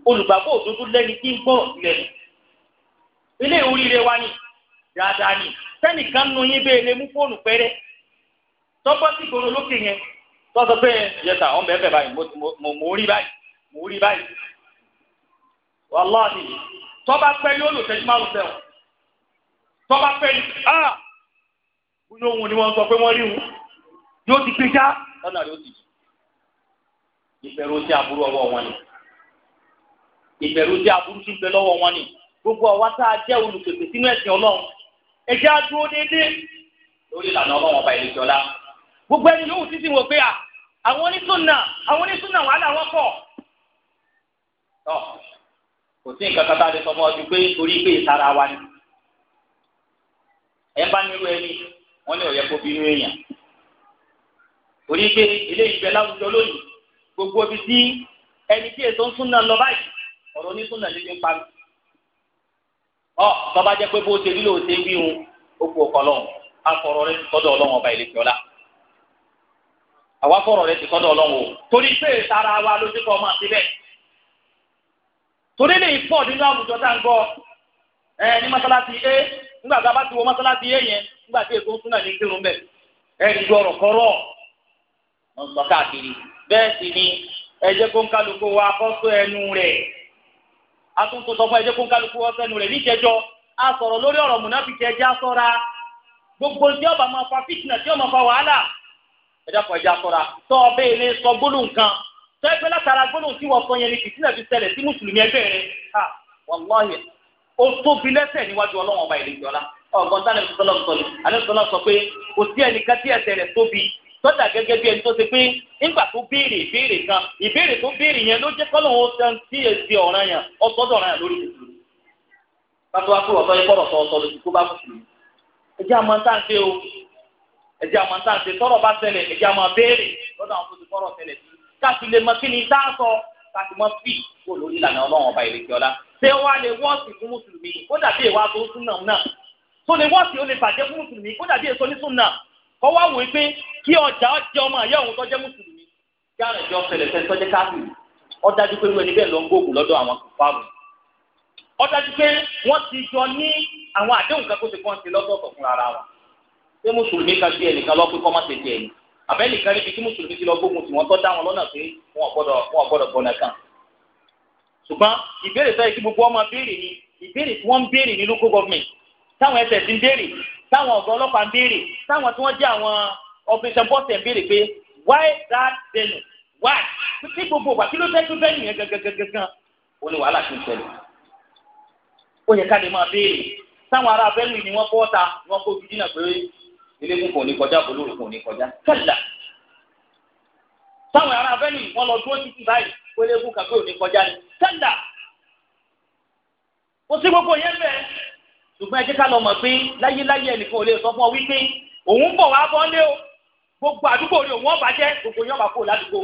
olùgbàgbọ́ òdodo lẹ́ni tí ń gbọ́ lẹ́nu ilé ìwúrire wa ni dáadáa ni sẹ́nìkan nu yín bẹ́ẹ̀ lé mú fóònù pẹ́rẹ́ tọ́gbọ́n sì gbòòrò lókè yẹn tọ́sọ pé yẹta ọmọ ẹ̀fẹ̀ báyìí mo rí báyìí mo rí báyìí wàláhì tọ́ba pẹ́ yóò lò tẹ́jú márùn-ún tẹ́wọ̀n tọ́ba pẹ́ yóò lóhun ni wọ́n sọ pé wọ́n rí wọn yóò ti gbé já lọ́nà rẹ̀ ó ti jù wọn ni bẹ wọn ni gbogbo tá a olùpèsè sínú á dúró déédéé lórí ìlànà ọba gbogbo ẹni wò pé à àwọn onísùnà àwọn onísùnà wàhálà wọn sọ pé torí pé ìtara wa ni ẹ bá nírú ẹni wọ́n lè ọ̀yẹ́ kó bínú èèyàn. orí pé eléyìí bẹ láwùjọ lónìí gbogbo ibi tí ẹni tí èso ń súnà lọ báyìí ọ̀rọ̀ onísúnà lè fi ọ tọ́ba jẹ́ pé bó ṣe rí lóò ṣe ń bí ó kú ọkọ afọ̀rọ̀ rẹ ti kọ́dọ̀ ọba rẹ ti kọ́dọ̀ torí pé ìtara wa nínú àwùjọ tá à ń gbọ́ nígbà tí èso súnà ní kírun bẹ ẹni gbọ́rọ̀ kọ́rọ̀ wọn sọ káàkiri bẹ́ẹ̀ sì ni ẹ jẹ́ kó ń kálukú wa kó sọ ẹnu rẹ̀ atúntò sọ fún ẹ jẹ́ wa sọ ẹnu níjẹjọ a sọ̀rọ̀ lórí ọ̀rọ̀ mùnàfíkì ẹjẹ asọra gbogbo tí ọba máa fa fitna tí ọba máa fa wàhálà ẹ dàpọ̀ ẹjẹ asọra tọ́ ọbẹ̀ ilé sọ gbólóhùn kan tọ́ ẹgbẹ́ látara gbólóhùn tí wọ́n sọ yẹn ni fìtínà fi ṣẹlẹ̀ sí mùsùlùmí ẹgbẹ́ rẹ̀ ha wàláhì ó tóbi lẹ́sẹ̀ níwájú ọlọ́wọ́n ọba ìlẹ́jọ́lá ọ̀gbọ́n tí alẹ́ sọ́lọ́ sọ ni alẹ́ sọ́lọ́ sọ pé kò sí ẹnìkan tí ẹsẹ̀ rẹ̀ tóbi tọ́jà gẹ́gẹ́ bí ẹni tó ṣe pé nígbà tó béèrè ìbéèrè kan ìbéèrè tó béèrè yẹn ló jẹ́ kọ́lọ́ wọn ṣe ń tí èsì ọ̀ràn yẹn ọ̀sọ́dọ̀ ọ̀ràn yẹn lórí ìṣèlú. pátó wá pé ọ̀sọ́ yẹn kọ̀rọ̀ sọ̀rọ̀ lójú tó bá kù sí. ẹjẹ́ àmọ́ tá à ń ṣe o ẹjẹ́ àmọ́ tá à ń ṣe tọ́rọ̀ bá ṣẹlẹ̀ ẹjẹ́ àmọ́ béèrè lọ́dọ̀ àwọn tó ti kọ́rọ̀ ṣẹlẹ̀ sí. káàtì lè mọ kí ni tá a sọ káàtì mọ fì kó lórí ìlànà ọlọ́run ọba ìrèké ọlá. ṣé wàá lè wọ́ọ̀sì fún mùsùlùmí kódà bí ìwà tó sún náà náà tó lè wọ́ọ̀sì ó lè bàjẹ́ fún mùsùlùmí kó dàbí èso ní súnà kọ́ wá wò pé kí ọjà ọjọ́ ọmọ àyà òun tọ́jẹ́ mùsùlùmí kí àrùn ìjọ ṣẹlẹ̀ fẹ́ tọ́jẹ́ káfíìn ó dájú pé wọ́n ẹni bẹ́ẹ̀ lọ ń gbóògùn lọ́dọ̀ àwọn kòfàrù ó dájú pé wọ́n ti jọ ní àwọn àdéhùn kan tó ti kọ́ńtì lọ́dọ̀ọ̀tọ̀ fúnra ara wọn pé mùsùlùmí kan bí ẹnìkan lọ pé kọ́ má ṣe tiẹ̀ ni àbẹ́ nìkan níbi tí mùsùlùmí ti lọ gbógun tí wọ́n tọ́ dá wọn lọ́nà pé wọn gbọ́dọ̀ wọn gbọ́dọ̀ gbọ́nà kan ṣùgbọ́n ìbéèrè sọ́yìn tí gbogbo ọmọ béèrè ni ìbéèrè tí wọ́n ń béèrè ní local government táwọn ẹsẹ̀ ti ń béèrè táwọn ọ̀gá ọlọ́pàá ń béèrè táwọn tí wọ́n jẹ́ àwọn ọ̀fíìsàn bọ́ọ̀sì ń béèrè pé why that venue why kí gbogbo ìgbà kí ló fẹ́ tó venue yẹn gangan o ní wàhálà tó ń ṣẹlẹ̀ ó yẹ ká lè máa béèrè táwọn ará venue ni wọ́n bọ́ta wọ́n kó ojú dínà pé ilé kò ní kọjá bolóòrò kò ní kọjá kẹlẹ̀ táwọn ará venue wọ́n lọ dúró títí báyìí kó ilé kò kàgbé òní kọjá ni kẹlẹ̀ kò sí gbogbo yẹn bẹ́ẹ̀ ṣùgbọ́n ẹ jẹ́ ká lọ mọ̀ pé láyéláyé ẹnìkan ò lè sọ fún ọ wípé òun bọ̀ wá bọ́ lé o gbogbo àdúgbò rẹ òun ọba jẹ́ gbogbo yóò bá kó ládùúgbò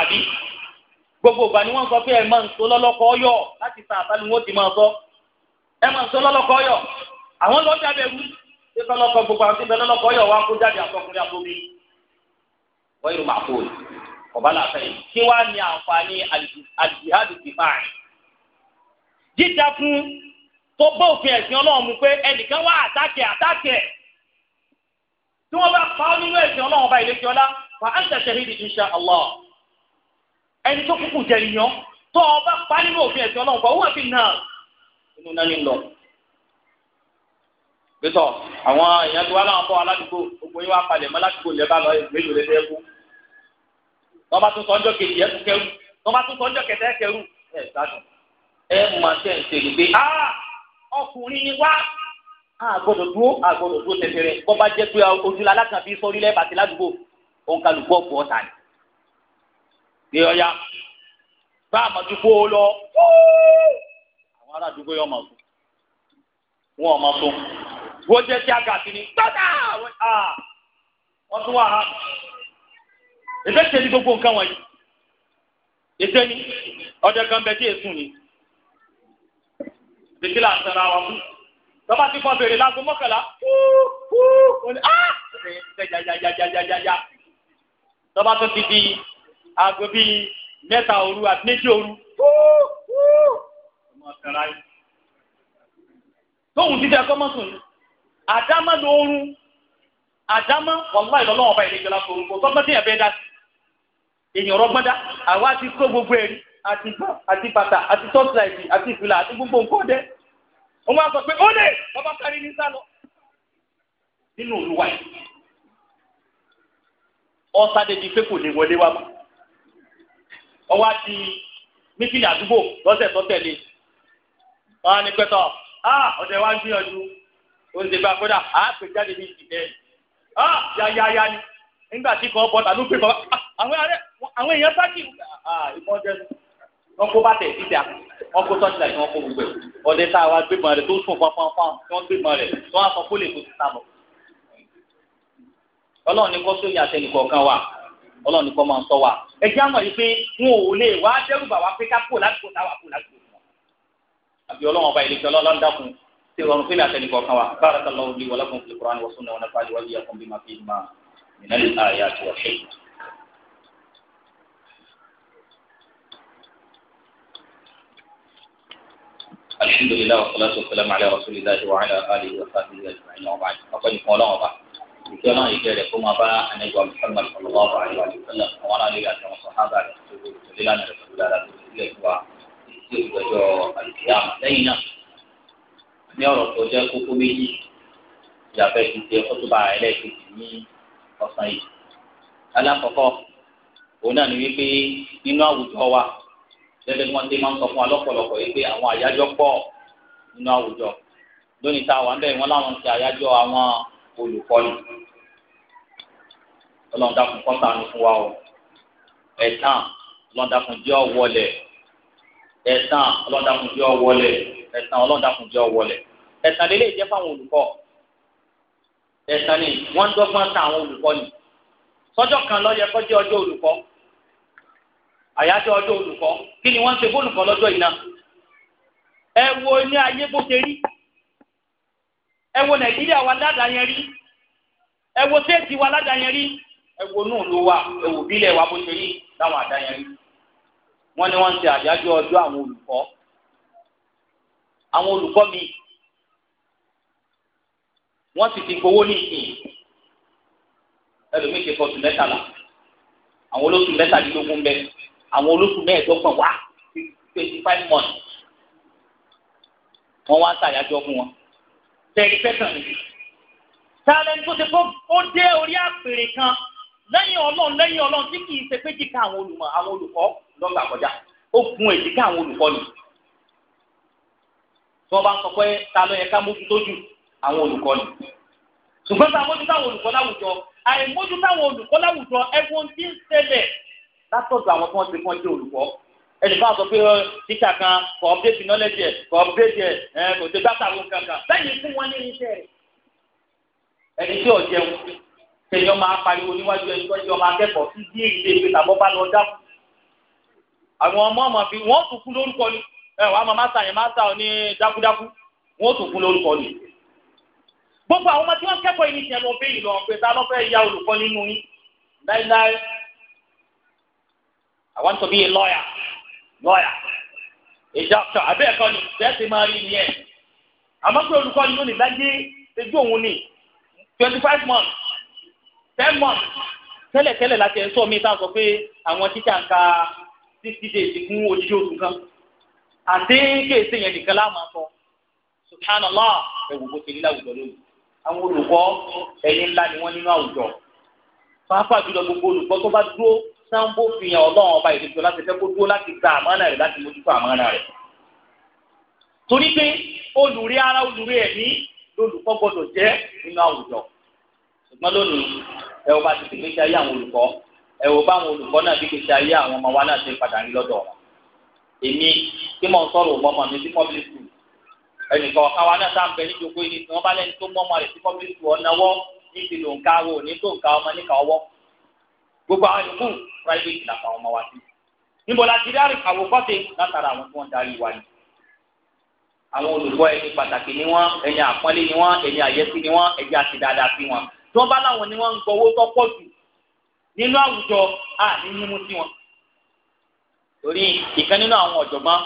àbí gbogbo ìgbà ni wọ́n sọ pé ẹ máa ń so lọ́lọ́kọ́ yọ láti san àbá ni wọ́n ti máa sọ ẹ máa ń so lọ́lọ́kọ́ yọ àwọn lọ dábẹ́ wú ṣé lọ́lọ́kọ́ gbogbo àwọn tí ń bẹ lọ́lọ́kọ́ yọ wá kó jáde àtọkùnrin àtọmí wọ́n yóò máa kó o ọba làfẹ́ yìí kí wàá ní àǹfààní àdìhádìdì máa jíjà fún tó bá òfin ẹ̀sìn ọlọ́run mu pé ẹnìkan wá àtàkì àtàkì ẹ̀ tí wọ́n bá pa ọ́ nínú ẹ̀sìn ọlọ́run ọba ìlẹ́jọ́ lá fa anta shahidi insha Allah ẹni tó kúkú jẹ ìyàn tó o bá pa nínú òfin ẹ̀sìn ọlọ́run kan lọ. àwọn èèyàn tó wá láwọn aládùúgbò gbogbo yín wá aládùúgbò bá lọ mélòó bá ọkùnrin ni wá àgbọ́dọ̀ dúró àgbọ́dọ̀ dúró tẹ̀tẹ̀rẹ̀ bọ́ bá jẹ́ pé ojúlá alákànbí sọ́rí lẹ́ẹ̀bà àti ládùúgbò òun kálukú ọ̀pọ̀ ọ̀tà ni. gbé ọya bá àmọ̀dúgbò lọ àwọn aládùúgbò yóò mọ̀ fún wọn ò mọ̀ fún wọ́n jẹ́ tí a gà sí ni gbọ́dọ̀ wọ́n tún wà á ẹ̀fẹ́ tẹ̀lé gbogbo nǹkan wọ̀nyí ẹ̀fẹ́ ni ọ̀dẹ̀ kan bẹ tí èsùn ni bíkí là ń tẹ̀ra wa fún tọ́ba ti kọ́ béèrè láago mọ́kànlá tọ́ba tó ti di aago bíi mẹ́ta òru àti méjì òru tóun ti di akọ́mọ́sùn àdámọ́ lóorun àdámọ́ wàlúwà ìlọ́lọ́wọ́ ọba ìlẹ́jọ́ lásán orúkọ tọ́gbọ́n tí yẹn bẹ́ẹ̀ dá sí èèyàn rọgbọ́n dá àwa ti kó gbogbo ẹ̀rí àti bàtà àti tọ́sílàìtì àti ìfìlà àti gbogbo nǹkan dẹ́ wọ́n máa sọ pé ó lè bàbá sáré ní sálọ nínú olúwa yìí ọ̀sádé di pé kò lè wọlé wa mọ́ ọwọ́ àti mítíìnì àdúgbò lọ́sẹ̀ tó tẹ̀lé wọn á ní pẹ́tọ́ á ọ̀dẹ̀ wa ń gbìyànjú oṣù bá kódà á pè jáde ní ìdílé á yáyáyá ni nígbà tí kan bọ́ta ló pè bàbá àwọn èèyàn sákì wọn kó bàtẹ síta wọn kó tọ́sílẹ̀ tí wọn kó gbogbo ẹ̀ ọdẹ tá a wá gbé mọ́ rẹ̀ tó sùn pọ́npọ́npọ́n tí wọ́n gbé mọ́ rẹ̀ tí wọ́n á sọ kó lè kó ti sábọ̀. ọlọ́run ní kó sóyè àtẹnìkọ̀ọ̀kan wa ọlọ́run ní kó máa ń sọ wa ẹ jẹ́ àmọ̀ yìí pé wọn ò lè wá dẹ́rùbà wá pé ká kó lásìkò táwa kó lásìkò tó wọn. àbí ọlọ́run ọba ìlẹ̀kẹ́ ọlọ́run dákun ṣe rọrùn fún àtẹnìkọ̀ọ̀kan wa bárakàlọ́ọ̀ alhamdulilayi wa salatu wa salam ala rasulillahi wa ala alihi wa sahbihi ajma'in wa ba'd ọkọ nìkan ọlọ́run ọba ìkẹ́ ọlọ́run ìkẹ́ rẹ̀ kó máa bá anagba muhammad sallallahu alayhi wa sallam àwọn alayhi àti àwọn sàhábà rẹ̀ tó gbogbo tó lílànà rẹ̀ pẹ̀lú dáadáa tó ti lẹ̀ wá sí ìgbẹ́jọ́ alìkìyàmù lẹ́yìn náà ní ọ̀rọ̀ tó jẹ́ kókó méjì ìyàfẹ́ ti ṣe kótóbà ẹlẹ́ẹ̀kejì ní ọ̀sán yìí alákọ̀ọ́kọ́ òun náà ni wípé nínú àwùjọ wa lẹ́lẹ́ wọn ti máa ń sọ fún wa lọ́pọ̀lọpọ̀ yìí pé àwọn àyájọ́ pọ̀ nínú àwùjọ lónìí tá a wà ń bẹ̀ wọ́n láwọn ti àyájọ́ àwọn olùkọ́ni ọlọ́dàkùn kọ́tàánù fún wa o ẹ̀tàn ọlọ́dàkùn jẹ́ ọ̀wọ́lẹ̀ ẹ̀tàn ọlọ́dàkùn jẹ́ ọ̀wọ́lẹ̀ ẹ̀tàn ọlọ́dàkùn jẹ́ ọ̀wọ́lẹ̀ ẹ̀tàn lélẹ̀ jẹ́ fáwọn olùkọ́ ẹ̀tàn ni wọ́n dọ́gbọ́n ta àwọn olùkọ́ ni sọ́jọ́ kan ló yẹ kó jẹ́ ọjọ́ olùkọ́ àyájọ́ ọjọ́ olùkọ́ kí ni wọ́n ń ṣe fólùkọ́ lọ́jọ́ ìná ẹ wo ní ayé bó ṣe rí ẹ wo nàìjíríà wa ládàá yẹn rí ẹ wo séètì wa ládàá yẹn rí ẹ wo nù ló wa ẹ wò bílẹ̀ wa bó ṣe rí láwọn àdá yẹn rí wọ́n ní wọ́n ń ṣe àyájọ́ ọjọ́ àwọn olùkọ́ àwọn olùkọ́ mi wọ́n sì ti gbowó ní ìsìn ẹlòmíì ti fọ́sùn mẹ́tàlá àwọn olóṣù mẹ́tàdínlógún bẹ́ẹ̀ àwọn olóṣù mẹ́ẹ̀ẹ́dọ́gbọ̀n wá twenty five months wọ́n wá ṣàyájọ́ fún wọn. tẹ̀rí pẹ́tàn ni tálẹ́ni tó ti kó ó dé orí àpèrè kan lẹ́yìn ọlọ́run lẹ́yìn ọlọ́run tí kì í ṣe pé jìkà àwọn olùmọ̀ àwọn olùkọ́ lọ́gbà kọjá ó gun èjìká àwọn olùkọ́ ni tí wọ́n bá ń sọ pé ta ló yẹ ká mójútó jù àwọn olùkọ́ ni ṣùgbọ́n tá a mójútó àwọn olùkọ́ láwùjọ àìmójútó àwọn olùkọ́ láwùjọ ẹ̀wọ̀n ti ń ṣẹlẹ̀ látọ̀dọ̀ àwọn tí wọ́n ti kàn jẹ́ olùkọ́ ẹnìkan sọ pé eh, tíṣà kan kò update knowledge ẹ̀ kò update ẹ̀ ẹ̀ eh, kò ṣe bàtà wọn kankan lẹ́yìn fún wọn ní iṣẹ́ rẹ̀ ẹni tí ò jẹun tẹ̀yìn ọmọ apariwo níwájú ẹni tó jẹ́ ọmọ akẹ́kọ̀ọ́ sí bí èyí lè gbé tàbọ̀ bá lọ dáàbò àwọn ọmọ ọmọ fi wọ́n tún kú lórúkọ ni ẹ wàá máta yẹn máta ọ ní dákúdákú wọ́n tún kú lórúkọ ni gbogbo àwọn ọmọ tí wọ́n kẹ́kọ̀ọ́ I want to be a lawyer. Lawyer. A doctor. Abẹ́ ẹ̀kọ́ ni bẹ́ẹ̀ ti máa I'm nìyẹn. Àmọ́ to olùkọ́ ni lónìí dájú ojú òun ni twenty five months ten months Tell, láti ẹ̀ sọ mi tá a sọ pé àwọn títà ń ka sixty days fún odidi oṣù come. I think. yẹn nìkan láàmú sọ. Subhanallah ẹ̀wù bó ti ní láwùjọ lónìí. Àwọn olùkọ́ ẹ̀yìn ńlá ni wọ́n nínú àwùjọ. Pàápàá jùlọ gbogbo olùkọ́ tó bá dúró sanwó fi hàn ọlọ́run ọba ìdíjọ láti fẹ́ kó dúró láti gba àmánà rẹ̀ láti mójútó àmánà rẹ̀. torí pé olùrí ara olùrí ẹ̀mí lolùkọ́ gbọ́dọ̀ jẹ́ nínú àwùjọ. ṣùgbọ́n lónìí ẹ wo bá ti fi gbèsè ayé àwọn olùkọ́ ẹ wo bá àwọn olùkọ́ náà fi gbèsè ayé àwọn ọmọ wa náà ṣe padà rí lọ́dọ̀ wọn. èmi tí mo ń sọ̀rọ̀ òun ọmọ mi sí public school ẹnìkan ọ̀káwa náà sáà ń bẹ níjókòó yìí tí wọ́n bá lẹ́ni tó mọ́ ọmọ rẹ̀ sí public school ọ̀nàwọ́ ní ti lòǹkà wo ní gbogbo àwọn ìlú private làpọ̀ àwọn ọmọ wa sí. níbo la ti dárí àwòkọ́ṣe látara àwọn tí wọ́n darí wa yìí. àwọn olùkọ́ ẹni pàtàkì ni wọ́n ẹni àpọ́nlé ni wọ́n ẹni àyẹ́sí ni wọ́n ẹni àti dáadáa sí wọn. tí wọ́n bá láwọn ni wọ́n ń gbowó tó pọ̀ jù nínú àwùjọ à mímú sí wọn. torí ìkan nínú àwọn ọ̀jọ̀gbọ́n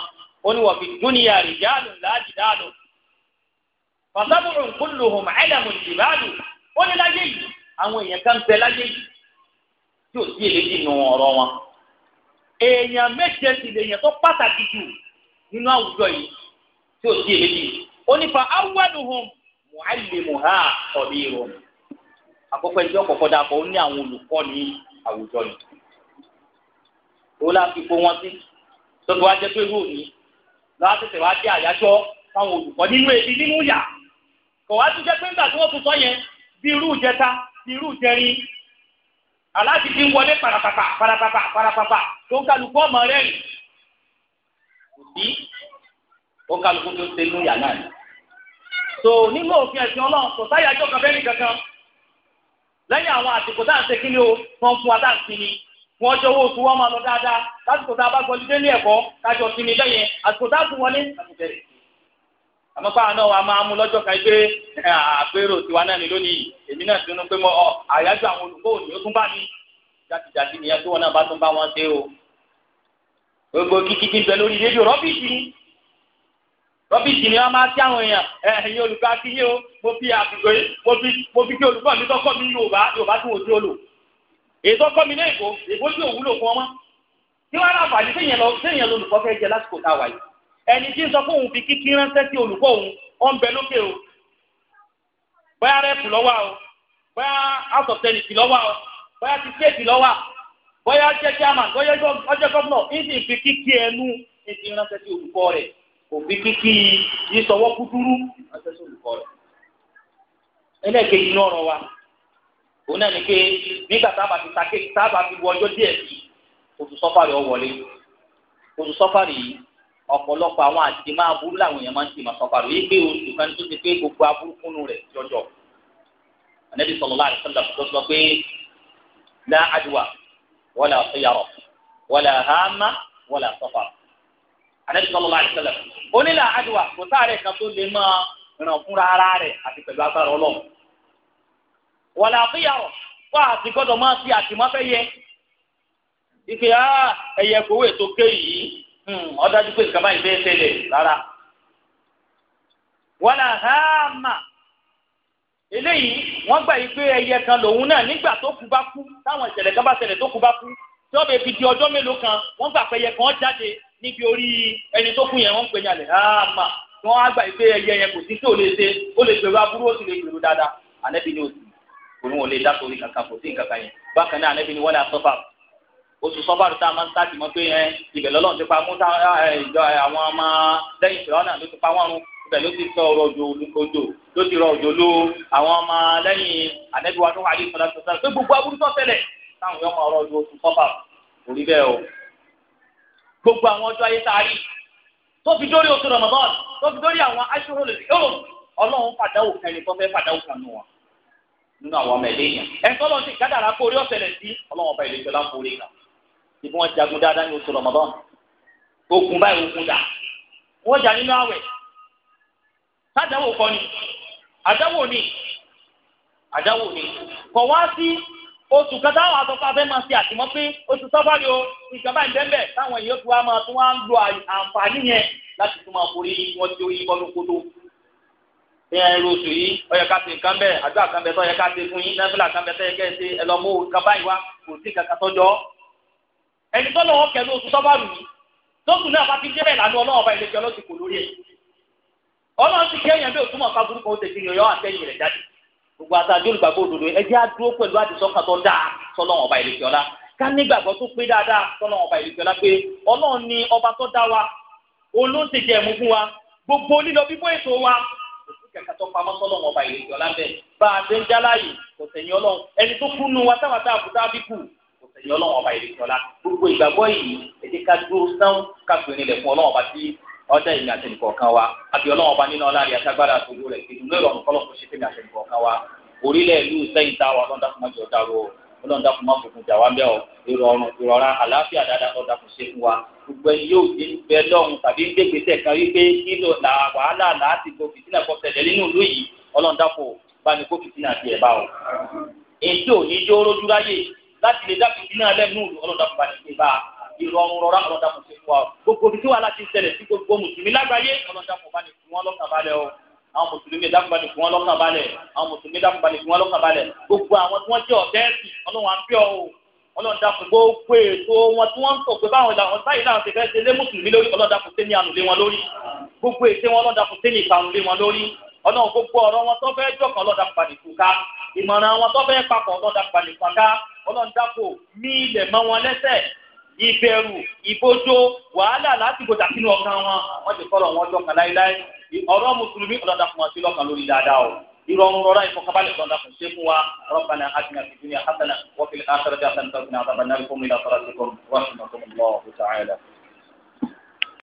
ó ní wọ́n fi dúnìyà rìjálù láàjì dáàlù. fàtàbùrùn tí o sí èyí nù ọ̀rọ̀ wọn. èèyàn méje sì lèèyàn tó pàtàkì jù nínú àwùjọ yìí tí o sí èyí. ó ní fa awwaluhum muallimuha sabiruhum. àkọ́kọ́ ẹjọ́ kọ̀ọ̀kan dàpọ̀ ó ní àwọn olùkọ́ ní àwùjọ yìí. láti kó wọn sí wa jẹ́ pé irú òní lọ́wọ́ tẹ̀sẹ̀ wá àyájọ́ fáwọn olùkọ́ nínú èdè nínú yà. tún jẹ́ pé tí wọ́n tún yẹn bí irú ìjẹta bí aláàjì ti ń wọlé parapapa parapapa parapapa tó ń kálukú ọmọ rẹ rìn kò sí ó ń kálukú tó ṣe lóyà náà ni. so nínú òfin ẹ̀sìn ọlọ́run kò sáyà ẹjọ́ kan fẹ́ẹ́ kankan lẹ́yìn àwọn àsìkò tá à ń ṣe kíni o wọ́n fún wa tá à ń sinmi wọ́n jọ owó oṣù wọn máa lọ dáadáa lásìkò tá a bá gbọ́ ilé ní ẹ̀kọ́ kájọ sinmi lẹ́yìn àsìkò tá a tún wọlé àtúntẹ̀rẹ̀ àmọ́ káwọn náà wàá máa mú lọ́jọ́ kan pé àpérò tiwa náà ni lónìí èmi náà ti nu pé mo ọ àyájọ́ àwọn olùkọ́ òní ó tún bá mi jàtìjàtì nìyẹn tí wọn náà bá tún bá wọn ṣe o gbogbo kíkíkí bẹ lórí rédíò rọ́bìtì ni rọ́bìtì ni wọ́n máa ti àwọn èèyàn ẹ̀yin olùkọ́ akínyé o mo fi àbùkù mo fi kí olùkọ́ mi tọ́kọ́ mi Yorùbá Yorùbá tún òdúró lò èyí tọ́kọ́ mi ní Èkó Èkó tí òwúlò fún ọmọ ẹni tí ń sọ fún òun fi kíkí ránṣẹ́ sí olùkọ́ òun ó ń bẹ lókè o bóyá rẹ́pù lọ́wọ́ o bóyá asọ̀tẹ́nìtì lọ́wọ́ o bóyá ti séèkì lọ́wọ́ bóyá jẹ́ chairman bóyá ọjọ́ gọ́fúnà ìdí fi kíkí ẹnu ìdí ránṣẹ́ sí olùkọ́ rẹ̀ òfi kíkí ìsọwọ́ kúdúrú ránṣẹ́ sí olùkọ́ rẹ̀ ẹlẹ́ẹ̀kejì ní ọ̀rọ̀ wa òun náà ni pé nígbà tábà ti ta kéèkì tábà ti wọ ọjọ́ díẹ̀ sí oṣù sọ́fàrì ọ̀wọ́lé oṣù sọ́fàrì ọ̀pọ̀lọpọ̀ àwọn àti máa burú làwọn èèyàn máa ń tì máa sọ̀fàrò yìí pé oṣù kan tó ti pé gbogbo aburúkúnú rẹ̀ jọjọ. ànábì sallallahu alaihi wasallam tó sọ pé la adwa wala sayara wala hama wala safar. ànábì sallallahu alaihi wasallam ó ní la adwa kò sáré kan tó lè máa ràn fúnra ara rẹ̀ àti pẹ̀lú agbára ọlọ́run. wala sayara wà á gbọ́dọ̀ máa fi àtìmọ́fẹ́ yẹ ọdájú hmm, pé nǹkan báyìí fẹ́ẹ́ ṣẹlẹ̀ rárá. wàlà háàmà eléyìí wọ́n gbà yí pé ẹyẹ kan lòun náà nígbà tó kú bá kú táwọn ìṣẹ̀lẹ̀ kan bá ṣẹlẹ̀ tó kú bá kú tí wọ́n bẹ fi di ọjọ́ mélòó kan wọ́n gbà pé ẹyẹ kan jáde níbi orí ẹni tó kú yẹn wọ́n ń pè ní àlẹ́ háàmà wọ́n á gbà pé ẹyẹ yẹn kò sí tí ò lè ṣe ó lè gbèrú aburú ó sì lè gbèrú dáadáa ànẹ́bí ni òsì òun ò lè dá sórí kankan kò sí nǹkan kan yẹn bákan náà ànẹ́bí ni wọ́n lè asọ́fà oṣù sọ́fàrù tá a máa ń sáàkì mọ́ pé ẹ ibẹ̀ lọ́lọ́run ti pa múta ìjọ àwọn ọmọ lẹ́yìn ìfẹ́ ọ̀nà ló ti pa wọ́n run ibẹ̀ ló ti sọ ọ̀rọ̀ òjò òjò ló ti rọ òjò ló àwọn ọmọ lẹ́yìn anẹ́bíwá tó wà ní ìfọ̀dà tó sọ̀rọ̀ pé gbogbo aburú tó tẹ̀lẹ̀ táwọn yóò máa rọ oṣù sọ́fàrù kò rí bẹ́ẹ̀ o gbogbo àwọn ọjọ́ ayé tá a rí tó fi dórí oṣù Ramadan tó fi dórí àwọn aṣọ́rò lè ọlọ́run fàdáwò kẹrin tó fẹ́ fàdáwò kan nù wọn nínú àwọn ọmọ ẹ̀dẹ́yìn ẹ̀ tọ́lọ́ ti gádàrá kó orí ọ̀sẹ̀ lẹ̀ sí ọlọ́run ọba ìlẹ́jọ́ láǹfọ̀ọ́rẹ́ kan ibi wọn jagun dáadáa ní oṣù Ramadan ogun báyìí ogun dà wọn jà nínú àwẹ̀ sádàwò kọ ni àdáwò ni àdáwò ni kọ wá sí oṣù kẹta àwọn àtọ́kọ́ abẹ́ máa ṣe àtìmọ́ pé oṣù sọ́fàlì o ìjọba ìbẹ́ńbẹ́ táwọn èèyàn tó wá máa tún wá ń lo àǹfààní yẹn láti tún máa forí wọn tí ó yí bọ́nú kótó ìyẹn irú oṣù yìí ọyọ ká ṣe nǹkan bẹ́ẹ̀ àdúrà kan bẹ́ẹ̀ tọ́yẹ ká ṣe fún yín náfìlà kan bẹ́ẹ̀ tọ́yẹ kẹ́ ẹ ṣe ẹ lọ mú nǹkan báyìí wá kò sí kankan tọ́jọ́ ẹni tó lọ́wọ́ kẹlú oṣù tọ́ba rù yìí tóṣù náà bá ti jẹ́ bẹ́ẹ̀ lánàá ọlọ́wọ́ bá iléeṣẹ́ ọlọ́sìn kò lórí ẹ̀ ọlọ́run ti kẹ́ èèyàn bí òtúmọ̀ ká burúkú ọ̀sẹ̀ kiri ọ̀yọ́ àtẹ̀yìn rẹ̀ jáde gbogbo àtàjọ olùgbàgbọ́ òdodo ẹjẹ́ á dúró pẹ̀lú àdìsọ́kàn tó dáa sọlọ́wọ́n ọba iléeṣẹ́ ọlá ká nígbàgbọ́ tó pé dáadáa sọlọ́wọ́n ọba iléeṣẹ́ lá. pé ọlọ́run ni ọba tó dá wa olóńtẹ̀jẹ̀ ẹ̀mú fún wa gbogbo lílọ bíbó ètò wa kẹ̀kẹ́ tó pamọ́ sọ́lọ́run ọba ìrètí ọ̀la bẹ́ẹ̀ bá a ṣe ń jálá yìí kò sẹ̀yìn ọlọ́run ẹni tó kú nu wa táwọn tá a kú tá a bí kù ẹ̀yìn ọlọ́run ọba ìrètí ọ̀la gbogbo ìgbàgbọ́ yìí ètè ká dúró sán káfíń nílẹ̀ fún ọlọ́run ọba tí ọjà ìmì àti nìkọ̀ọ̀kan wa àti ọlọ́run ọba nínú ọlá rẹ̀ àtàgbára àtòjú rẹ̀ ìdùnnú ìrọ̀rùn kọ́lọ̀ fún ṣẹ́fẹ́ àti nìkọ̀ọ̀kan wa orílẹ̀ ìlú sẹ́yìn táwa ọlọ́run dákun má jẹ́ ọ̀dà ro ọlọ́run dákun má fòkun jà wá ń bẹ́ ọ ìrọ̀rùn ìrọ̀ra àlàáfíà dáadáa ọ̀dà kò ṣe fún wa gbogbo ẹni yóò di bẹ lọ́run tàbí ń gbégbé tẹ̀ kan wípé nílò wàhálà láti gbòòfì sílẹ̀ kọ́ tẹ̀lé nínú ìlú yìí ọlọ́run dákun bá ní kó fìtínà tiẹ̀ bá ọ. èyí tí ò ní láti lè dákun iná lẹ́nu ọlọ́dàkùn bá ti ṣe bá ìrọ̀rùn rọra ọlọ́dàkùn ṣe fún wa gbogbo ibi tí wàhálà ti ń ṣẹlẹ̀ sí gbogbo mùsùlùmí lágbàáyé ọlọ́dàkùn bá ní fún wọn lọ́kàn balẹ̀ o àwọn mùsùlùmí dákun bá ní fún wọn lọ́kàn balẹ̀ àwọn mùsùlùmí dákun bá ní fún wọn lọ́kàn balẹ̀ gbogbo àwọn tí wọ́n jẹ́ ọ̀tẹ́ẹ̀sì ọlọ́run àbí ọ̀ ọlọ́dàkùn gbogbo ètò wọn tí wọ́n ń sọ pé báwọn làwọn báyìí làwọn ti fẹ́ ṣe lé mùsùlùmí lórí ọlọ́dàkùn tẹ́ ní ànulé wọn lórí gbogbo ètò wọn ọlọ́dàkùn tẹ́ ọlọ́run gbogbo ọ̀rọ̀ wọn tó fẹ́ jọ̀kan lọ́dà padì túká ìmọ̀ràn wọn tó fẹ́ papọ̀ lọ́dà padì pàká ọlọ́run dápò mí ilẹ̀ mọ́ wọn lẹ́sẹ̀ ìbẹ̀rù ìbójó wàhálà láti gbòdà sínú ọkàn wọn wọ́n ti kọ́rọ̀ wọn jọ̀kan láéláé ọ̀rọ̀ mùsùlùmí ọlọ́dà fún wa sí lọ́kàn lórí dáadáa o ìrọ̀rùn rọra ìfọkànbalẹ̀ lọ́dà fún sẹ́kù wa rọ́bànà àtìmá fi dúnìyà hasana wọ́pẹ̀lẹ̀ àtàràjà àtàràjà àtàràjà àtàràjà àtàràjà àtàràjà àtàràjà àtàràjà àtàràjà àtàràjà àtàràjà àtàràjà àtàràjà àtàràjà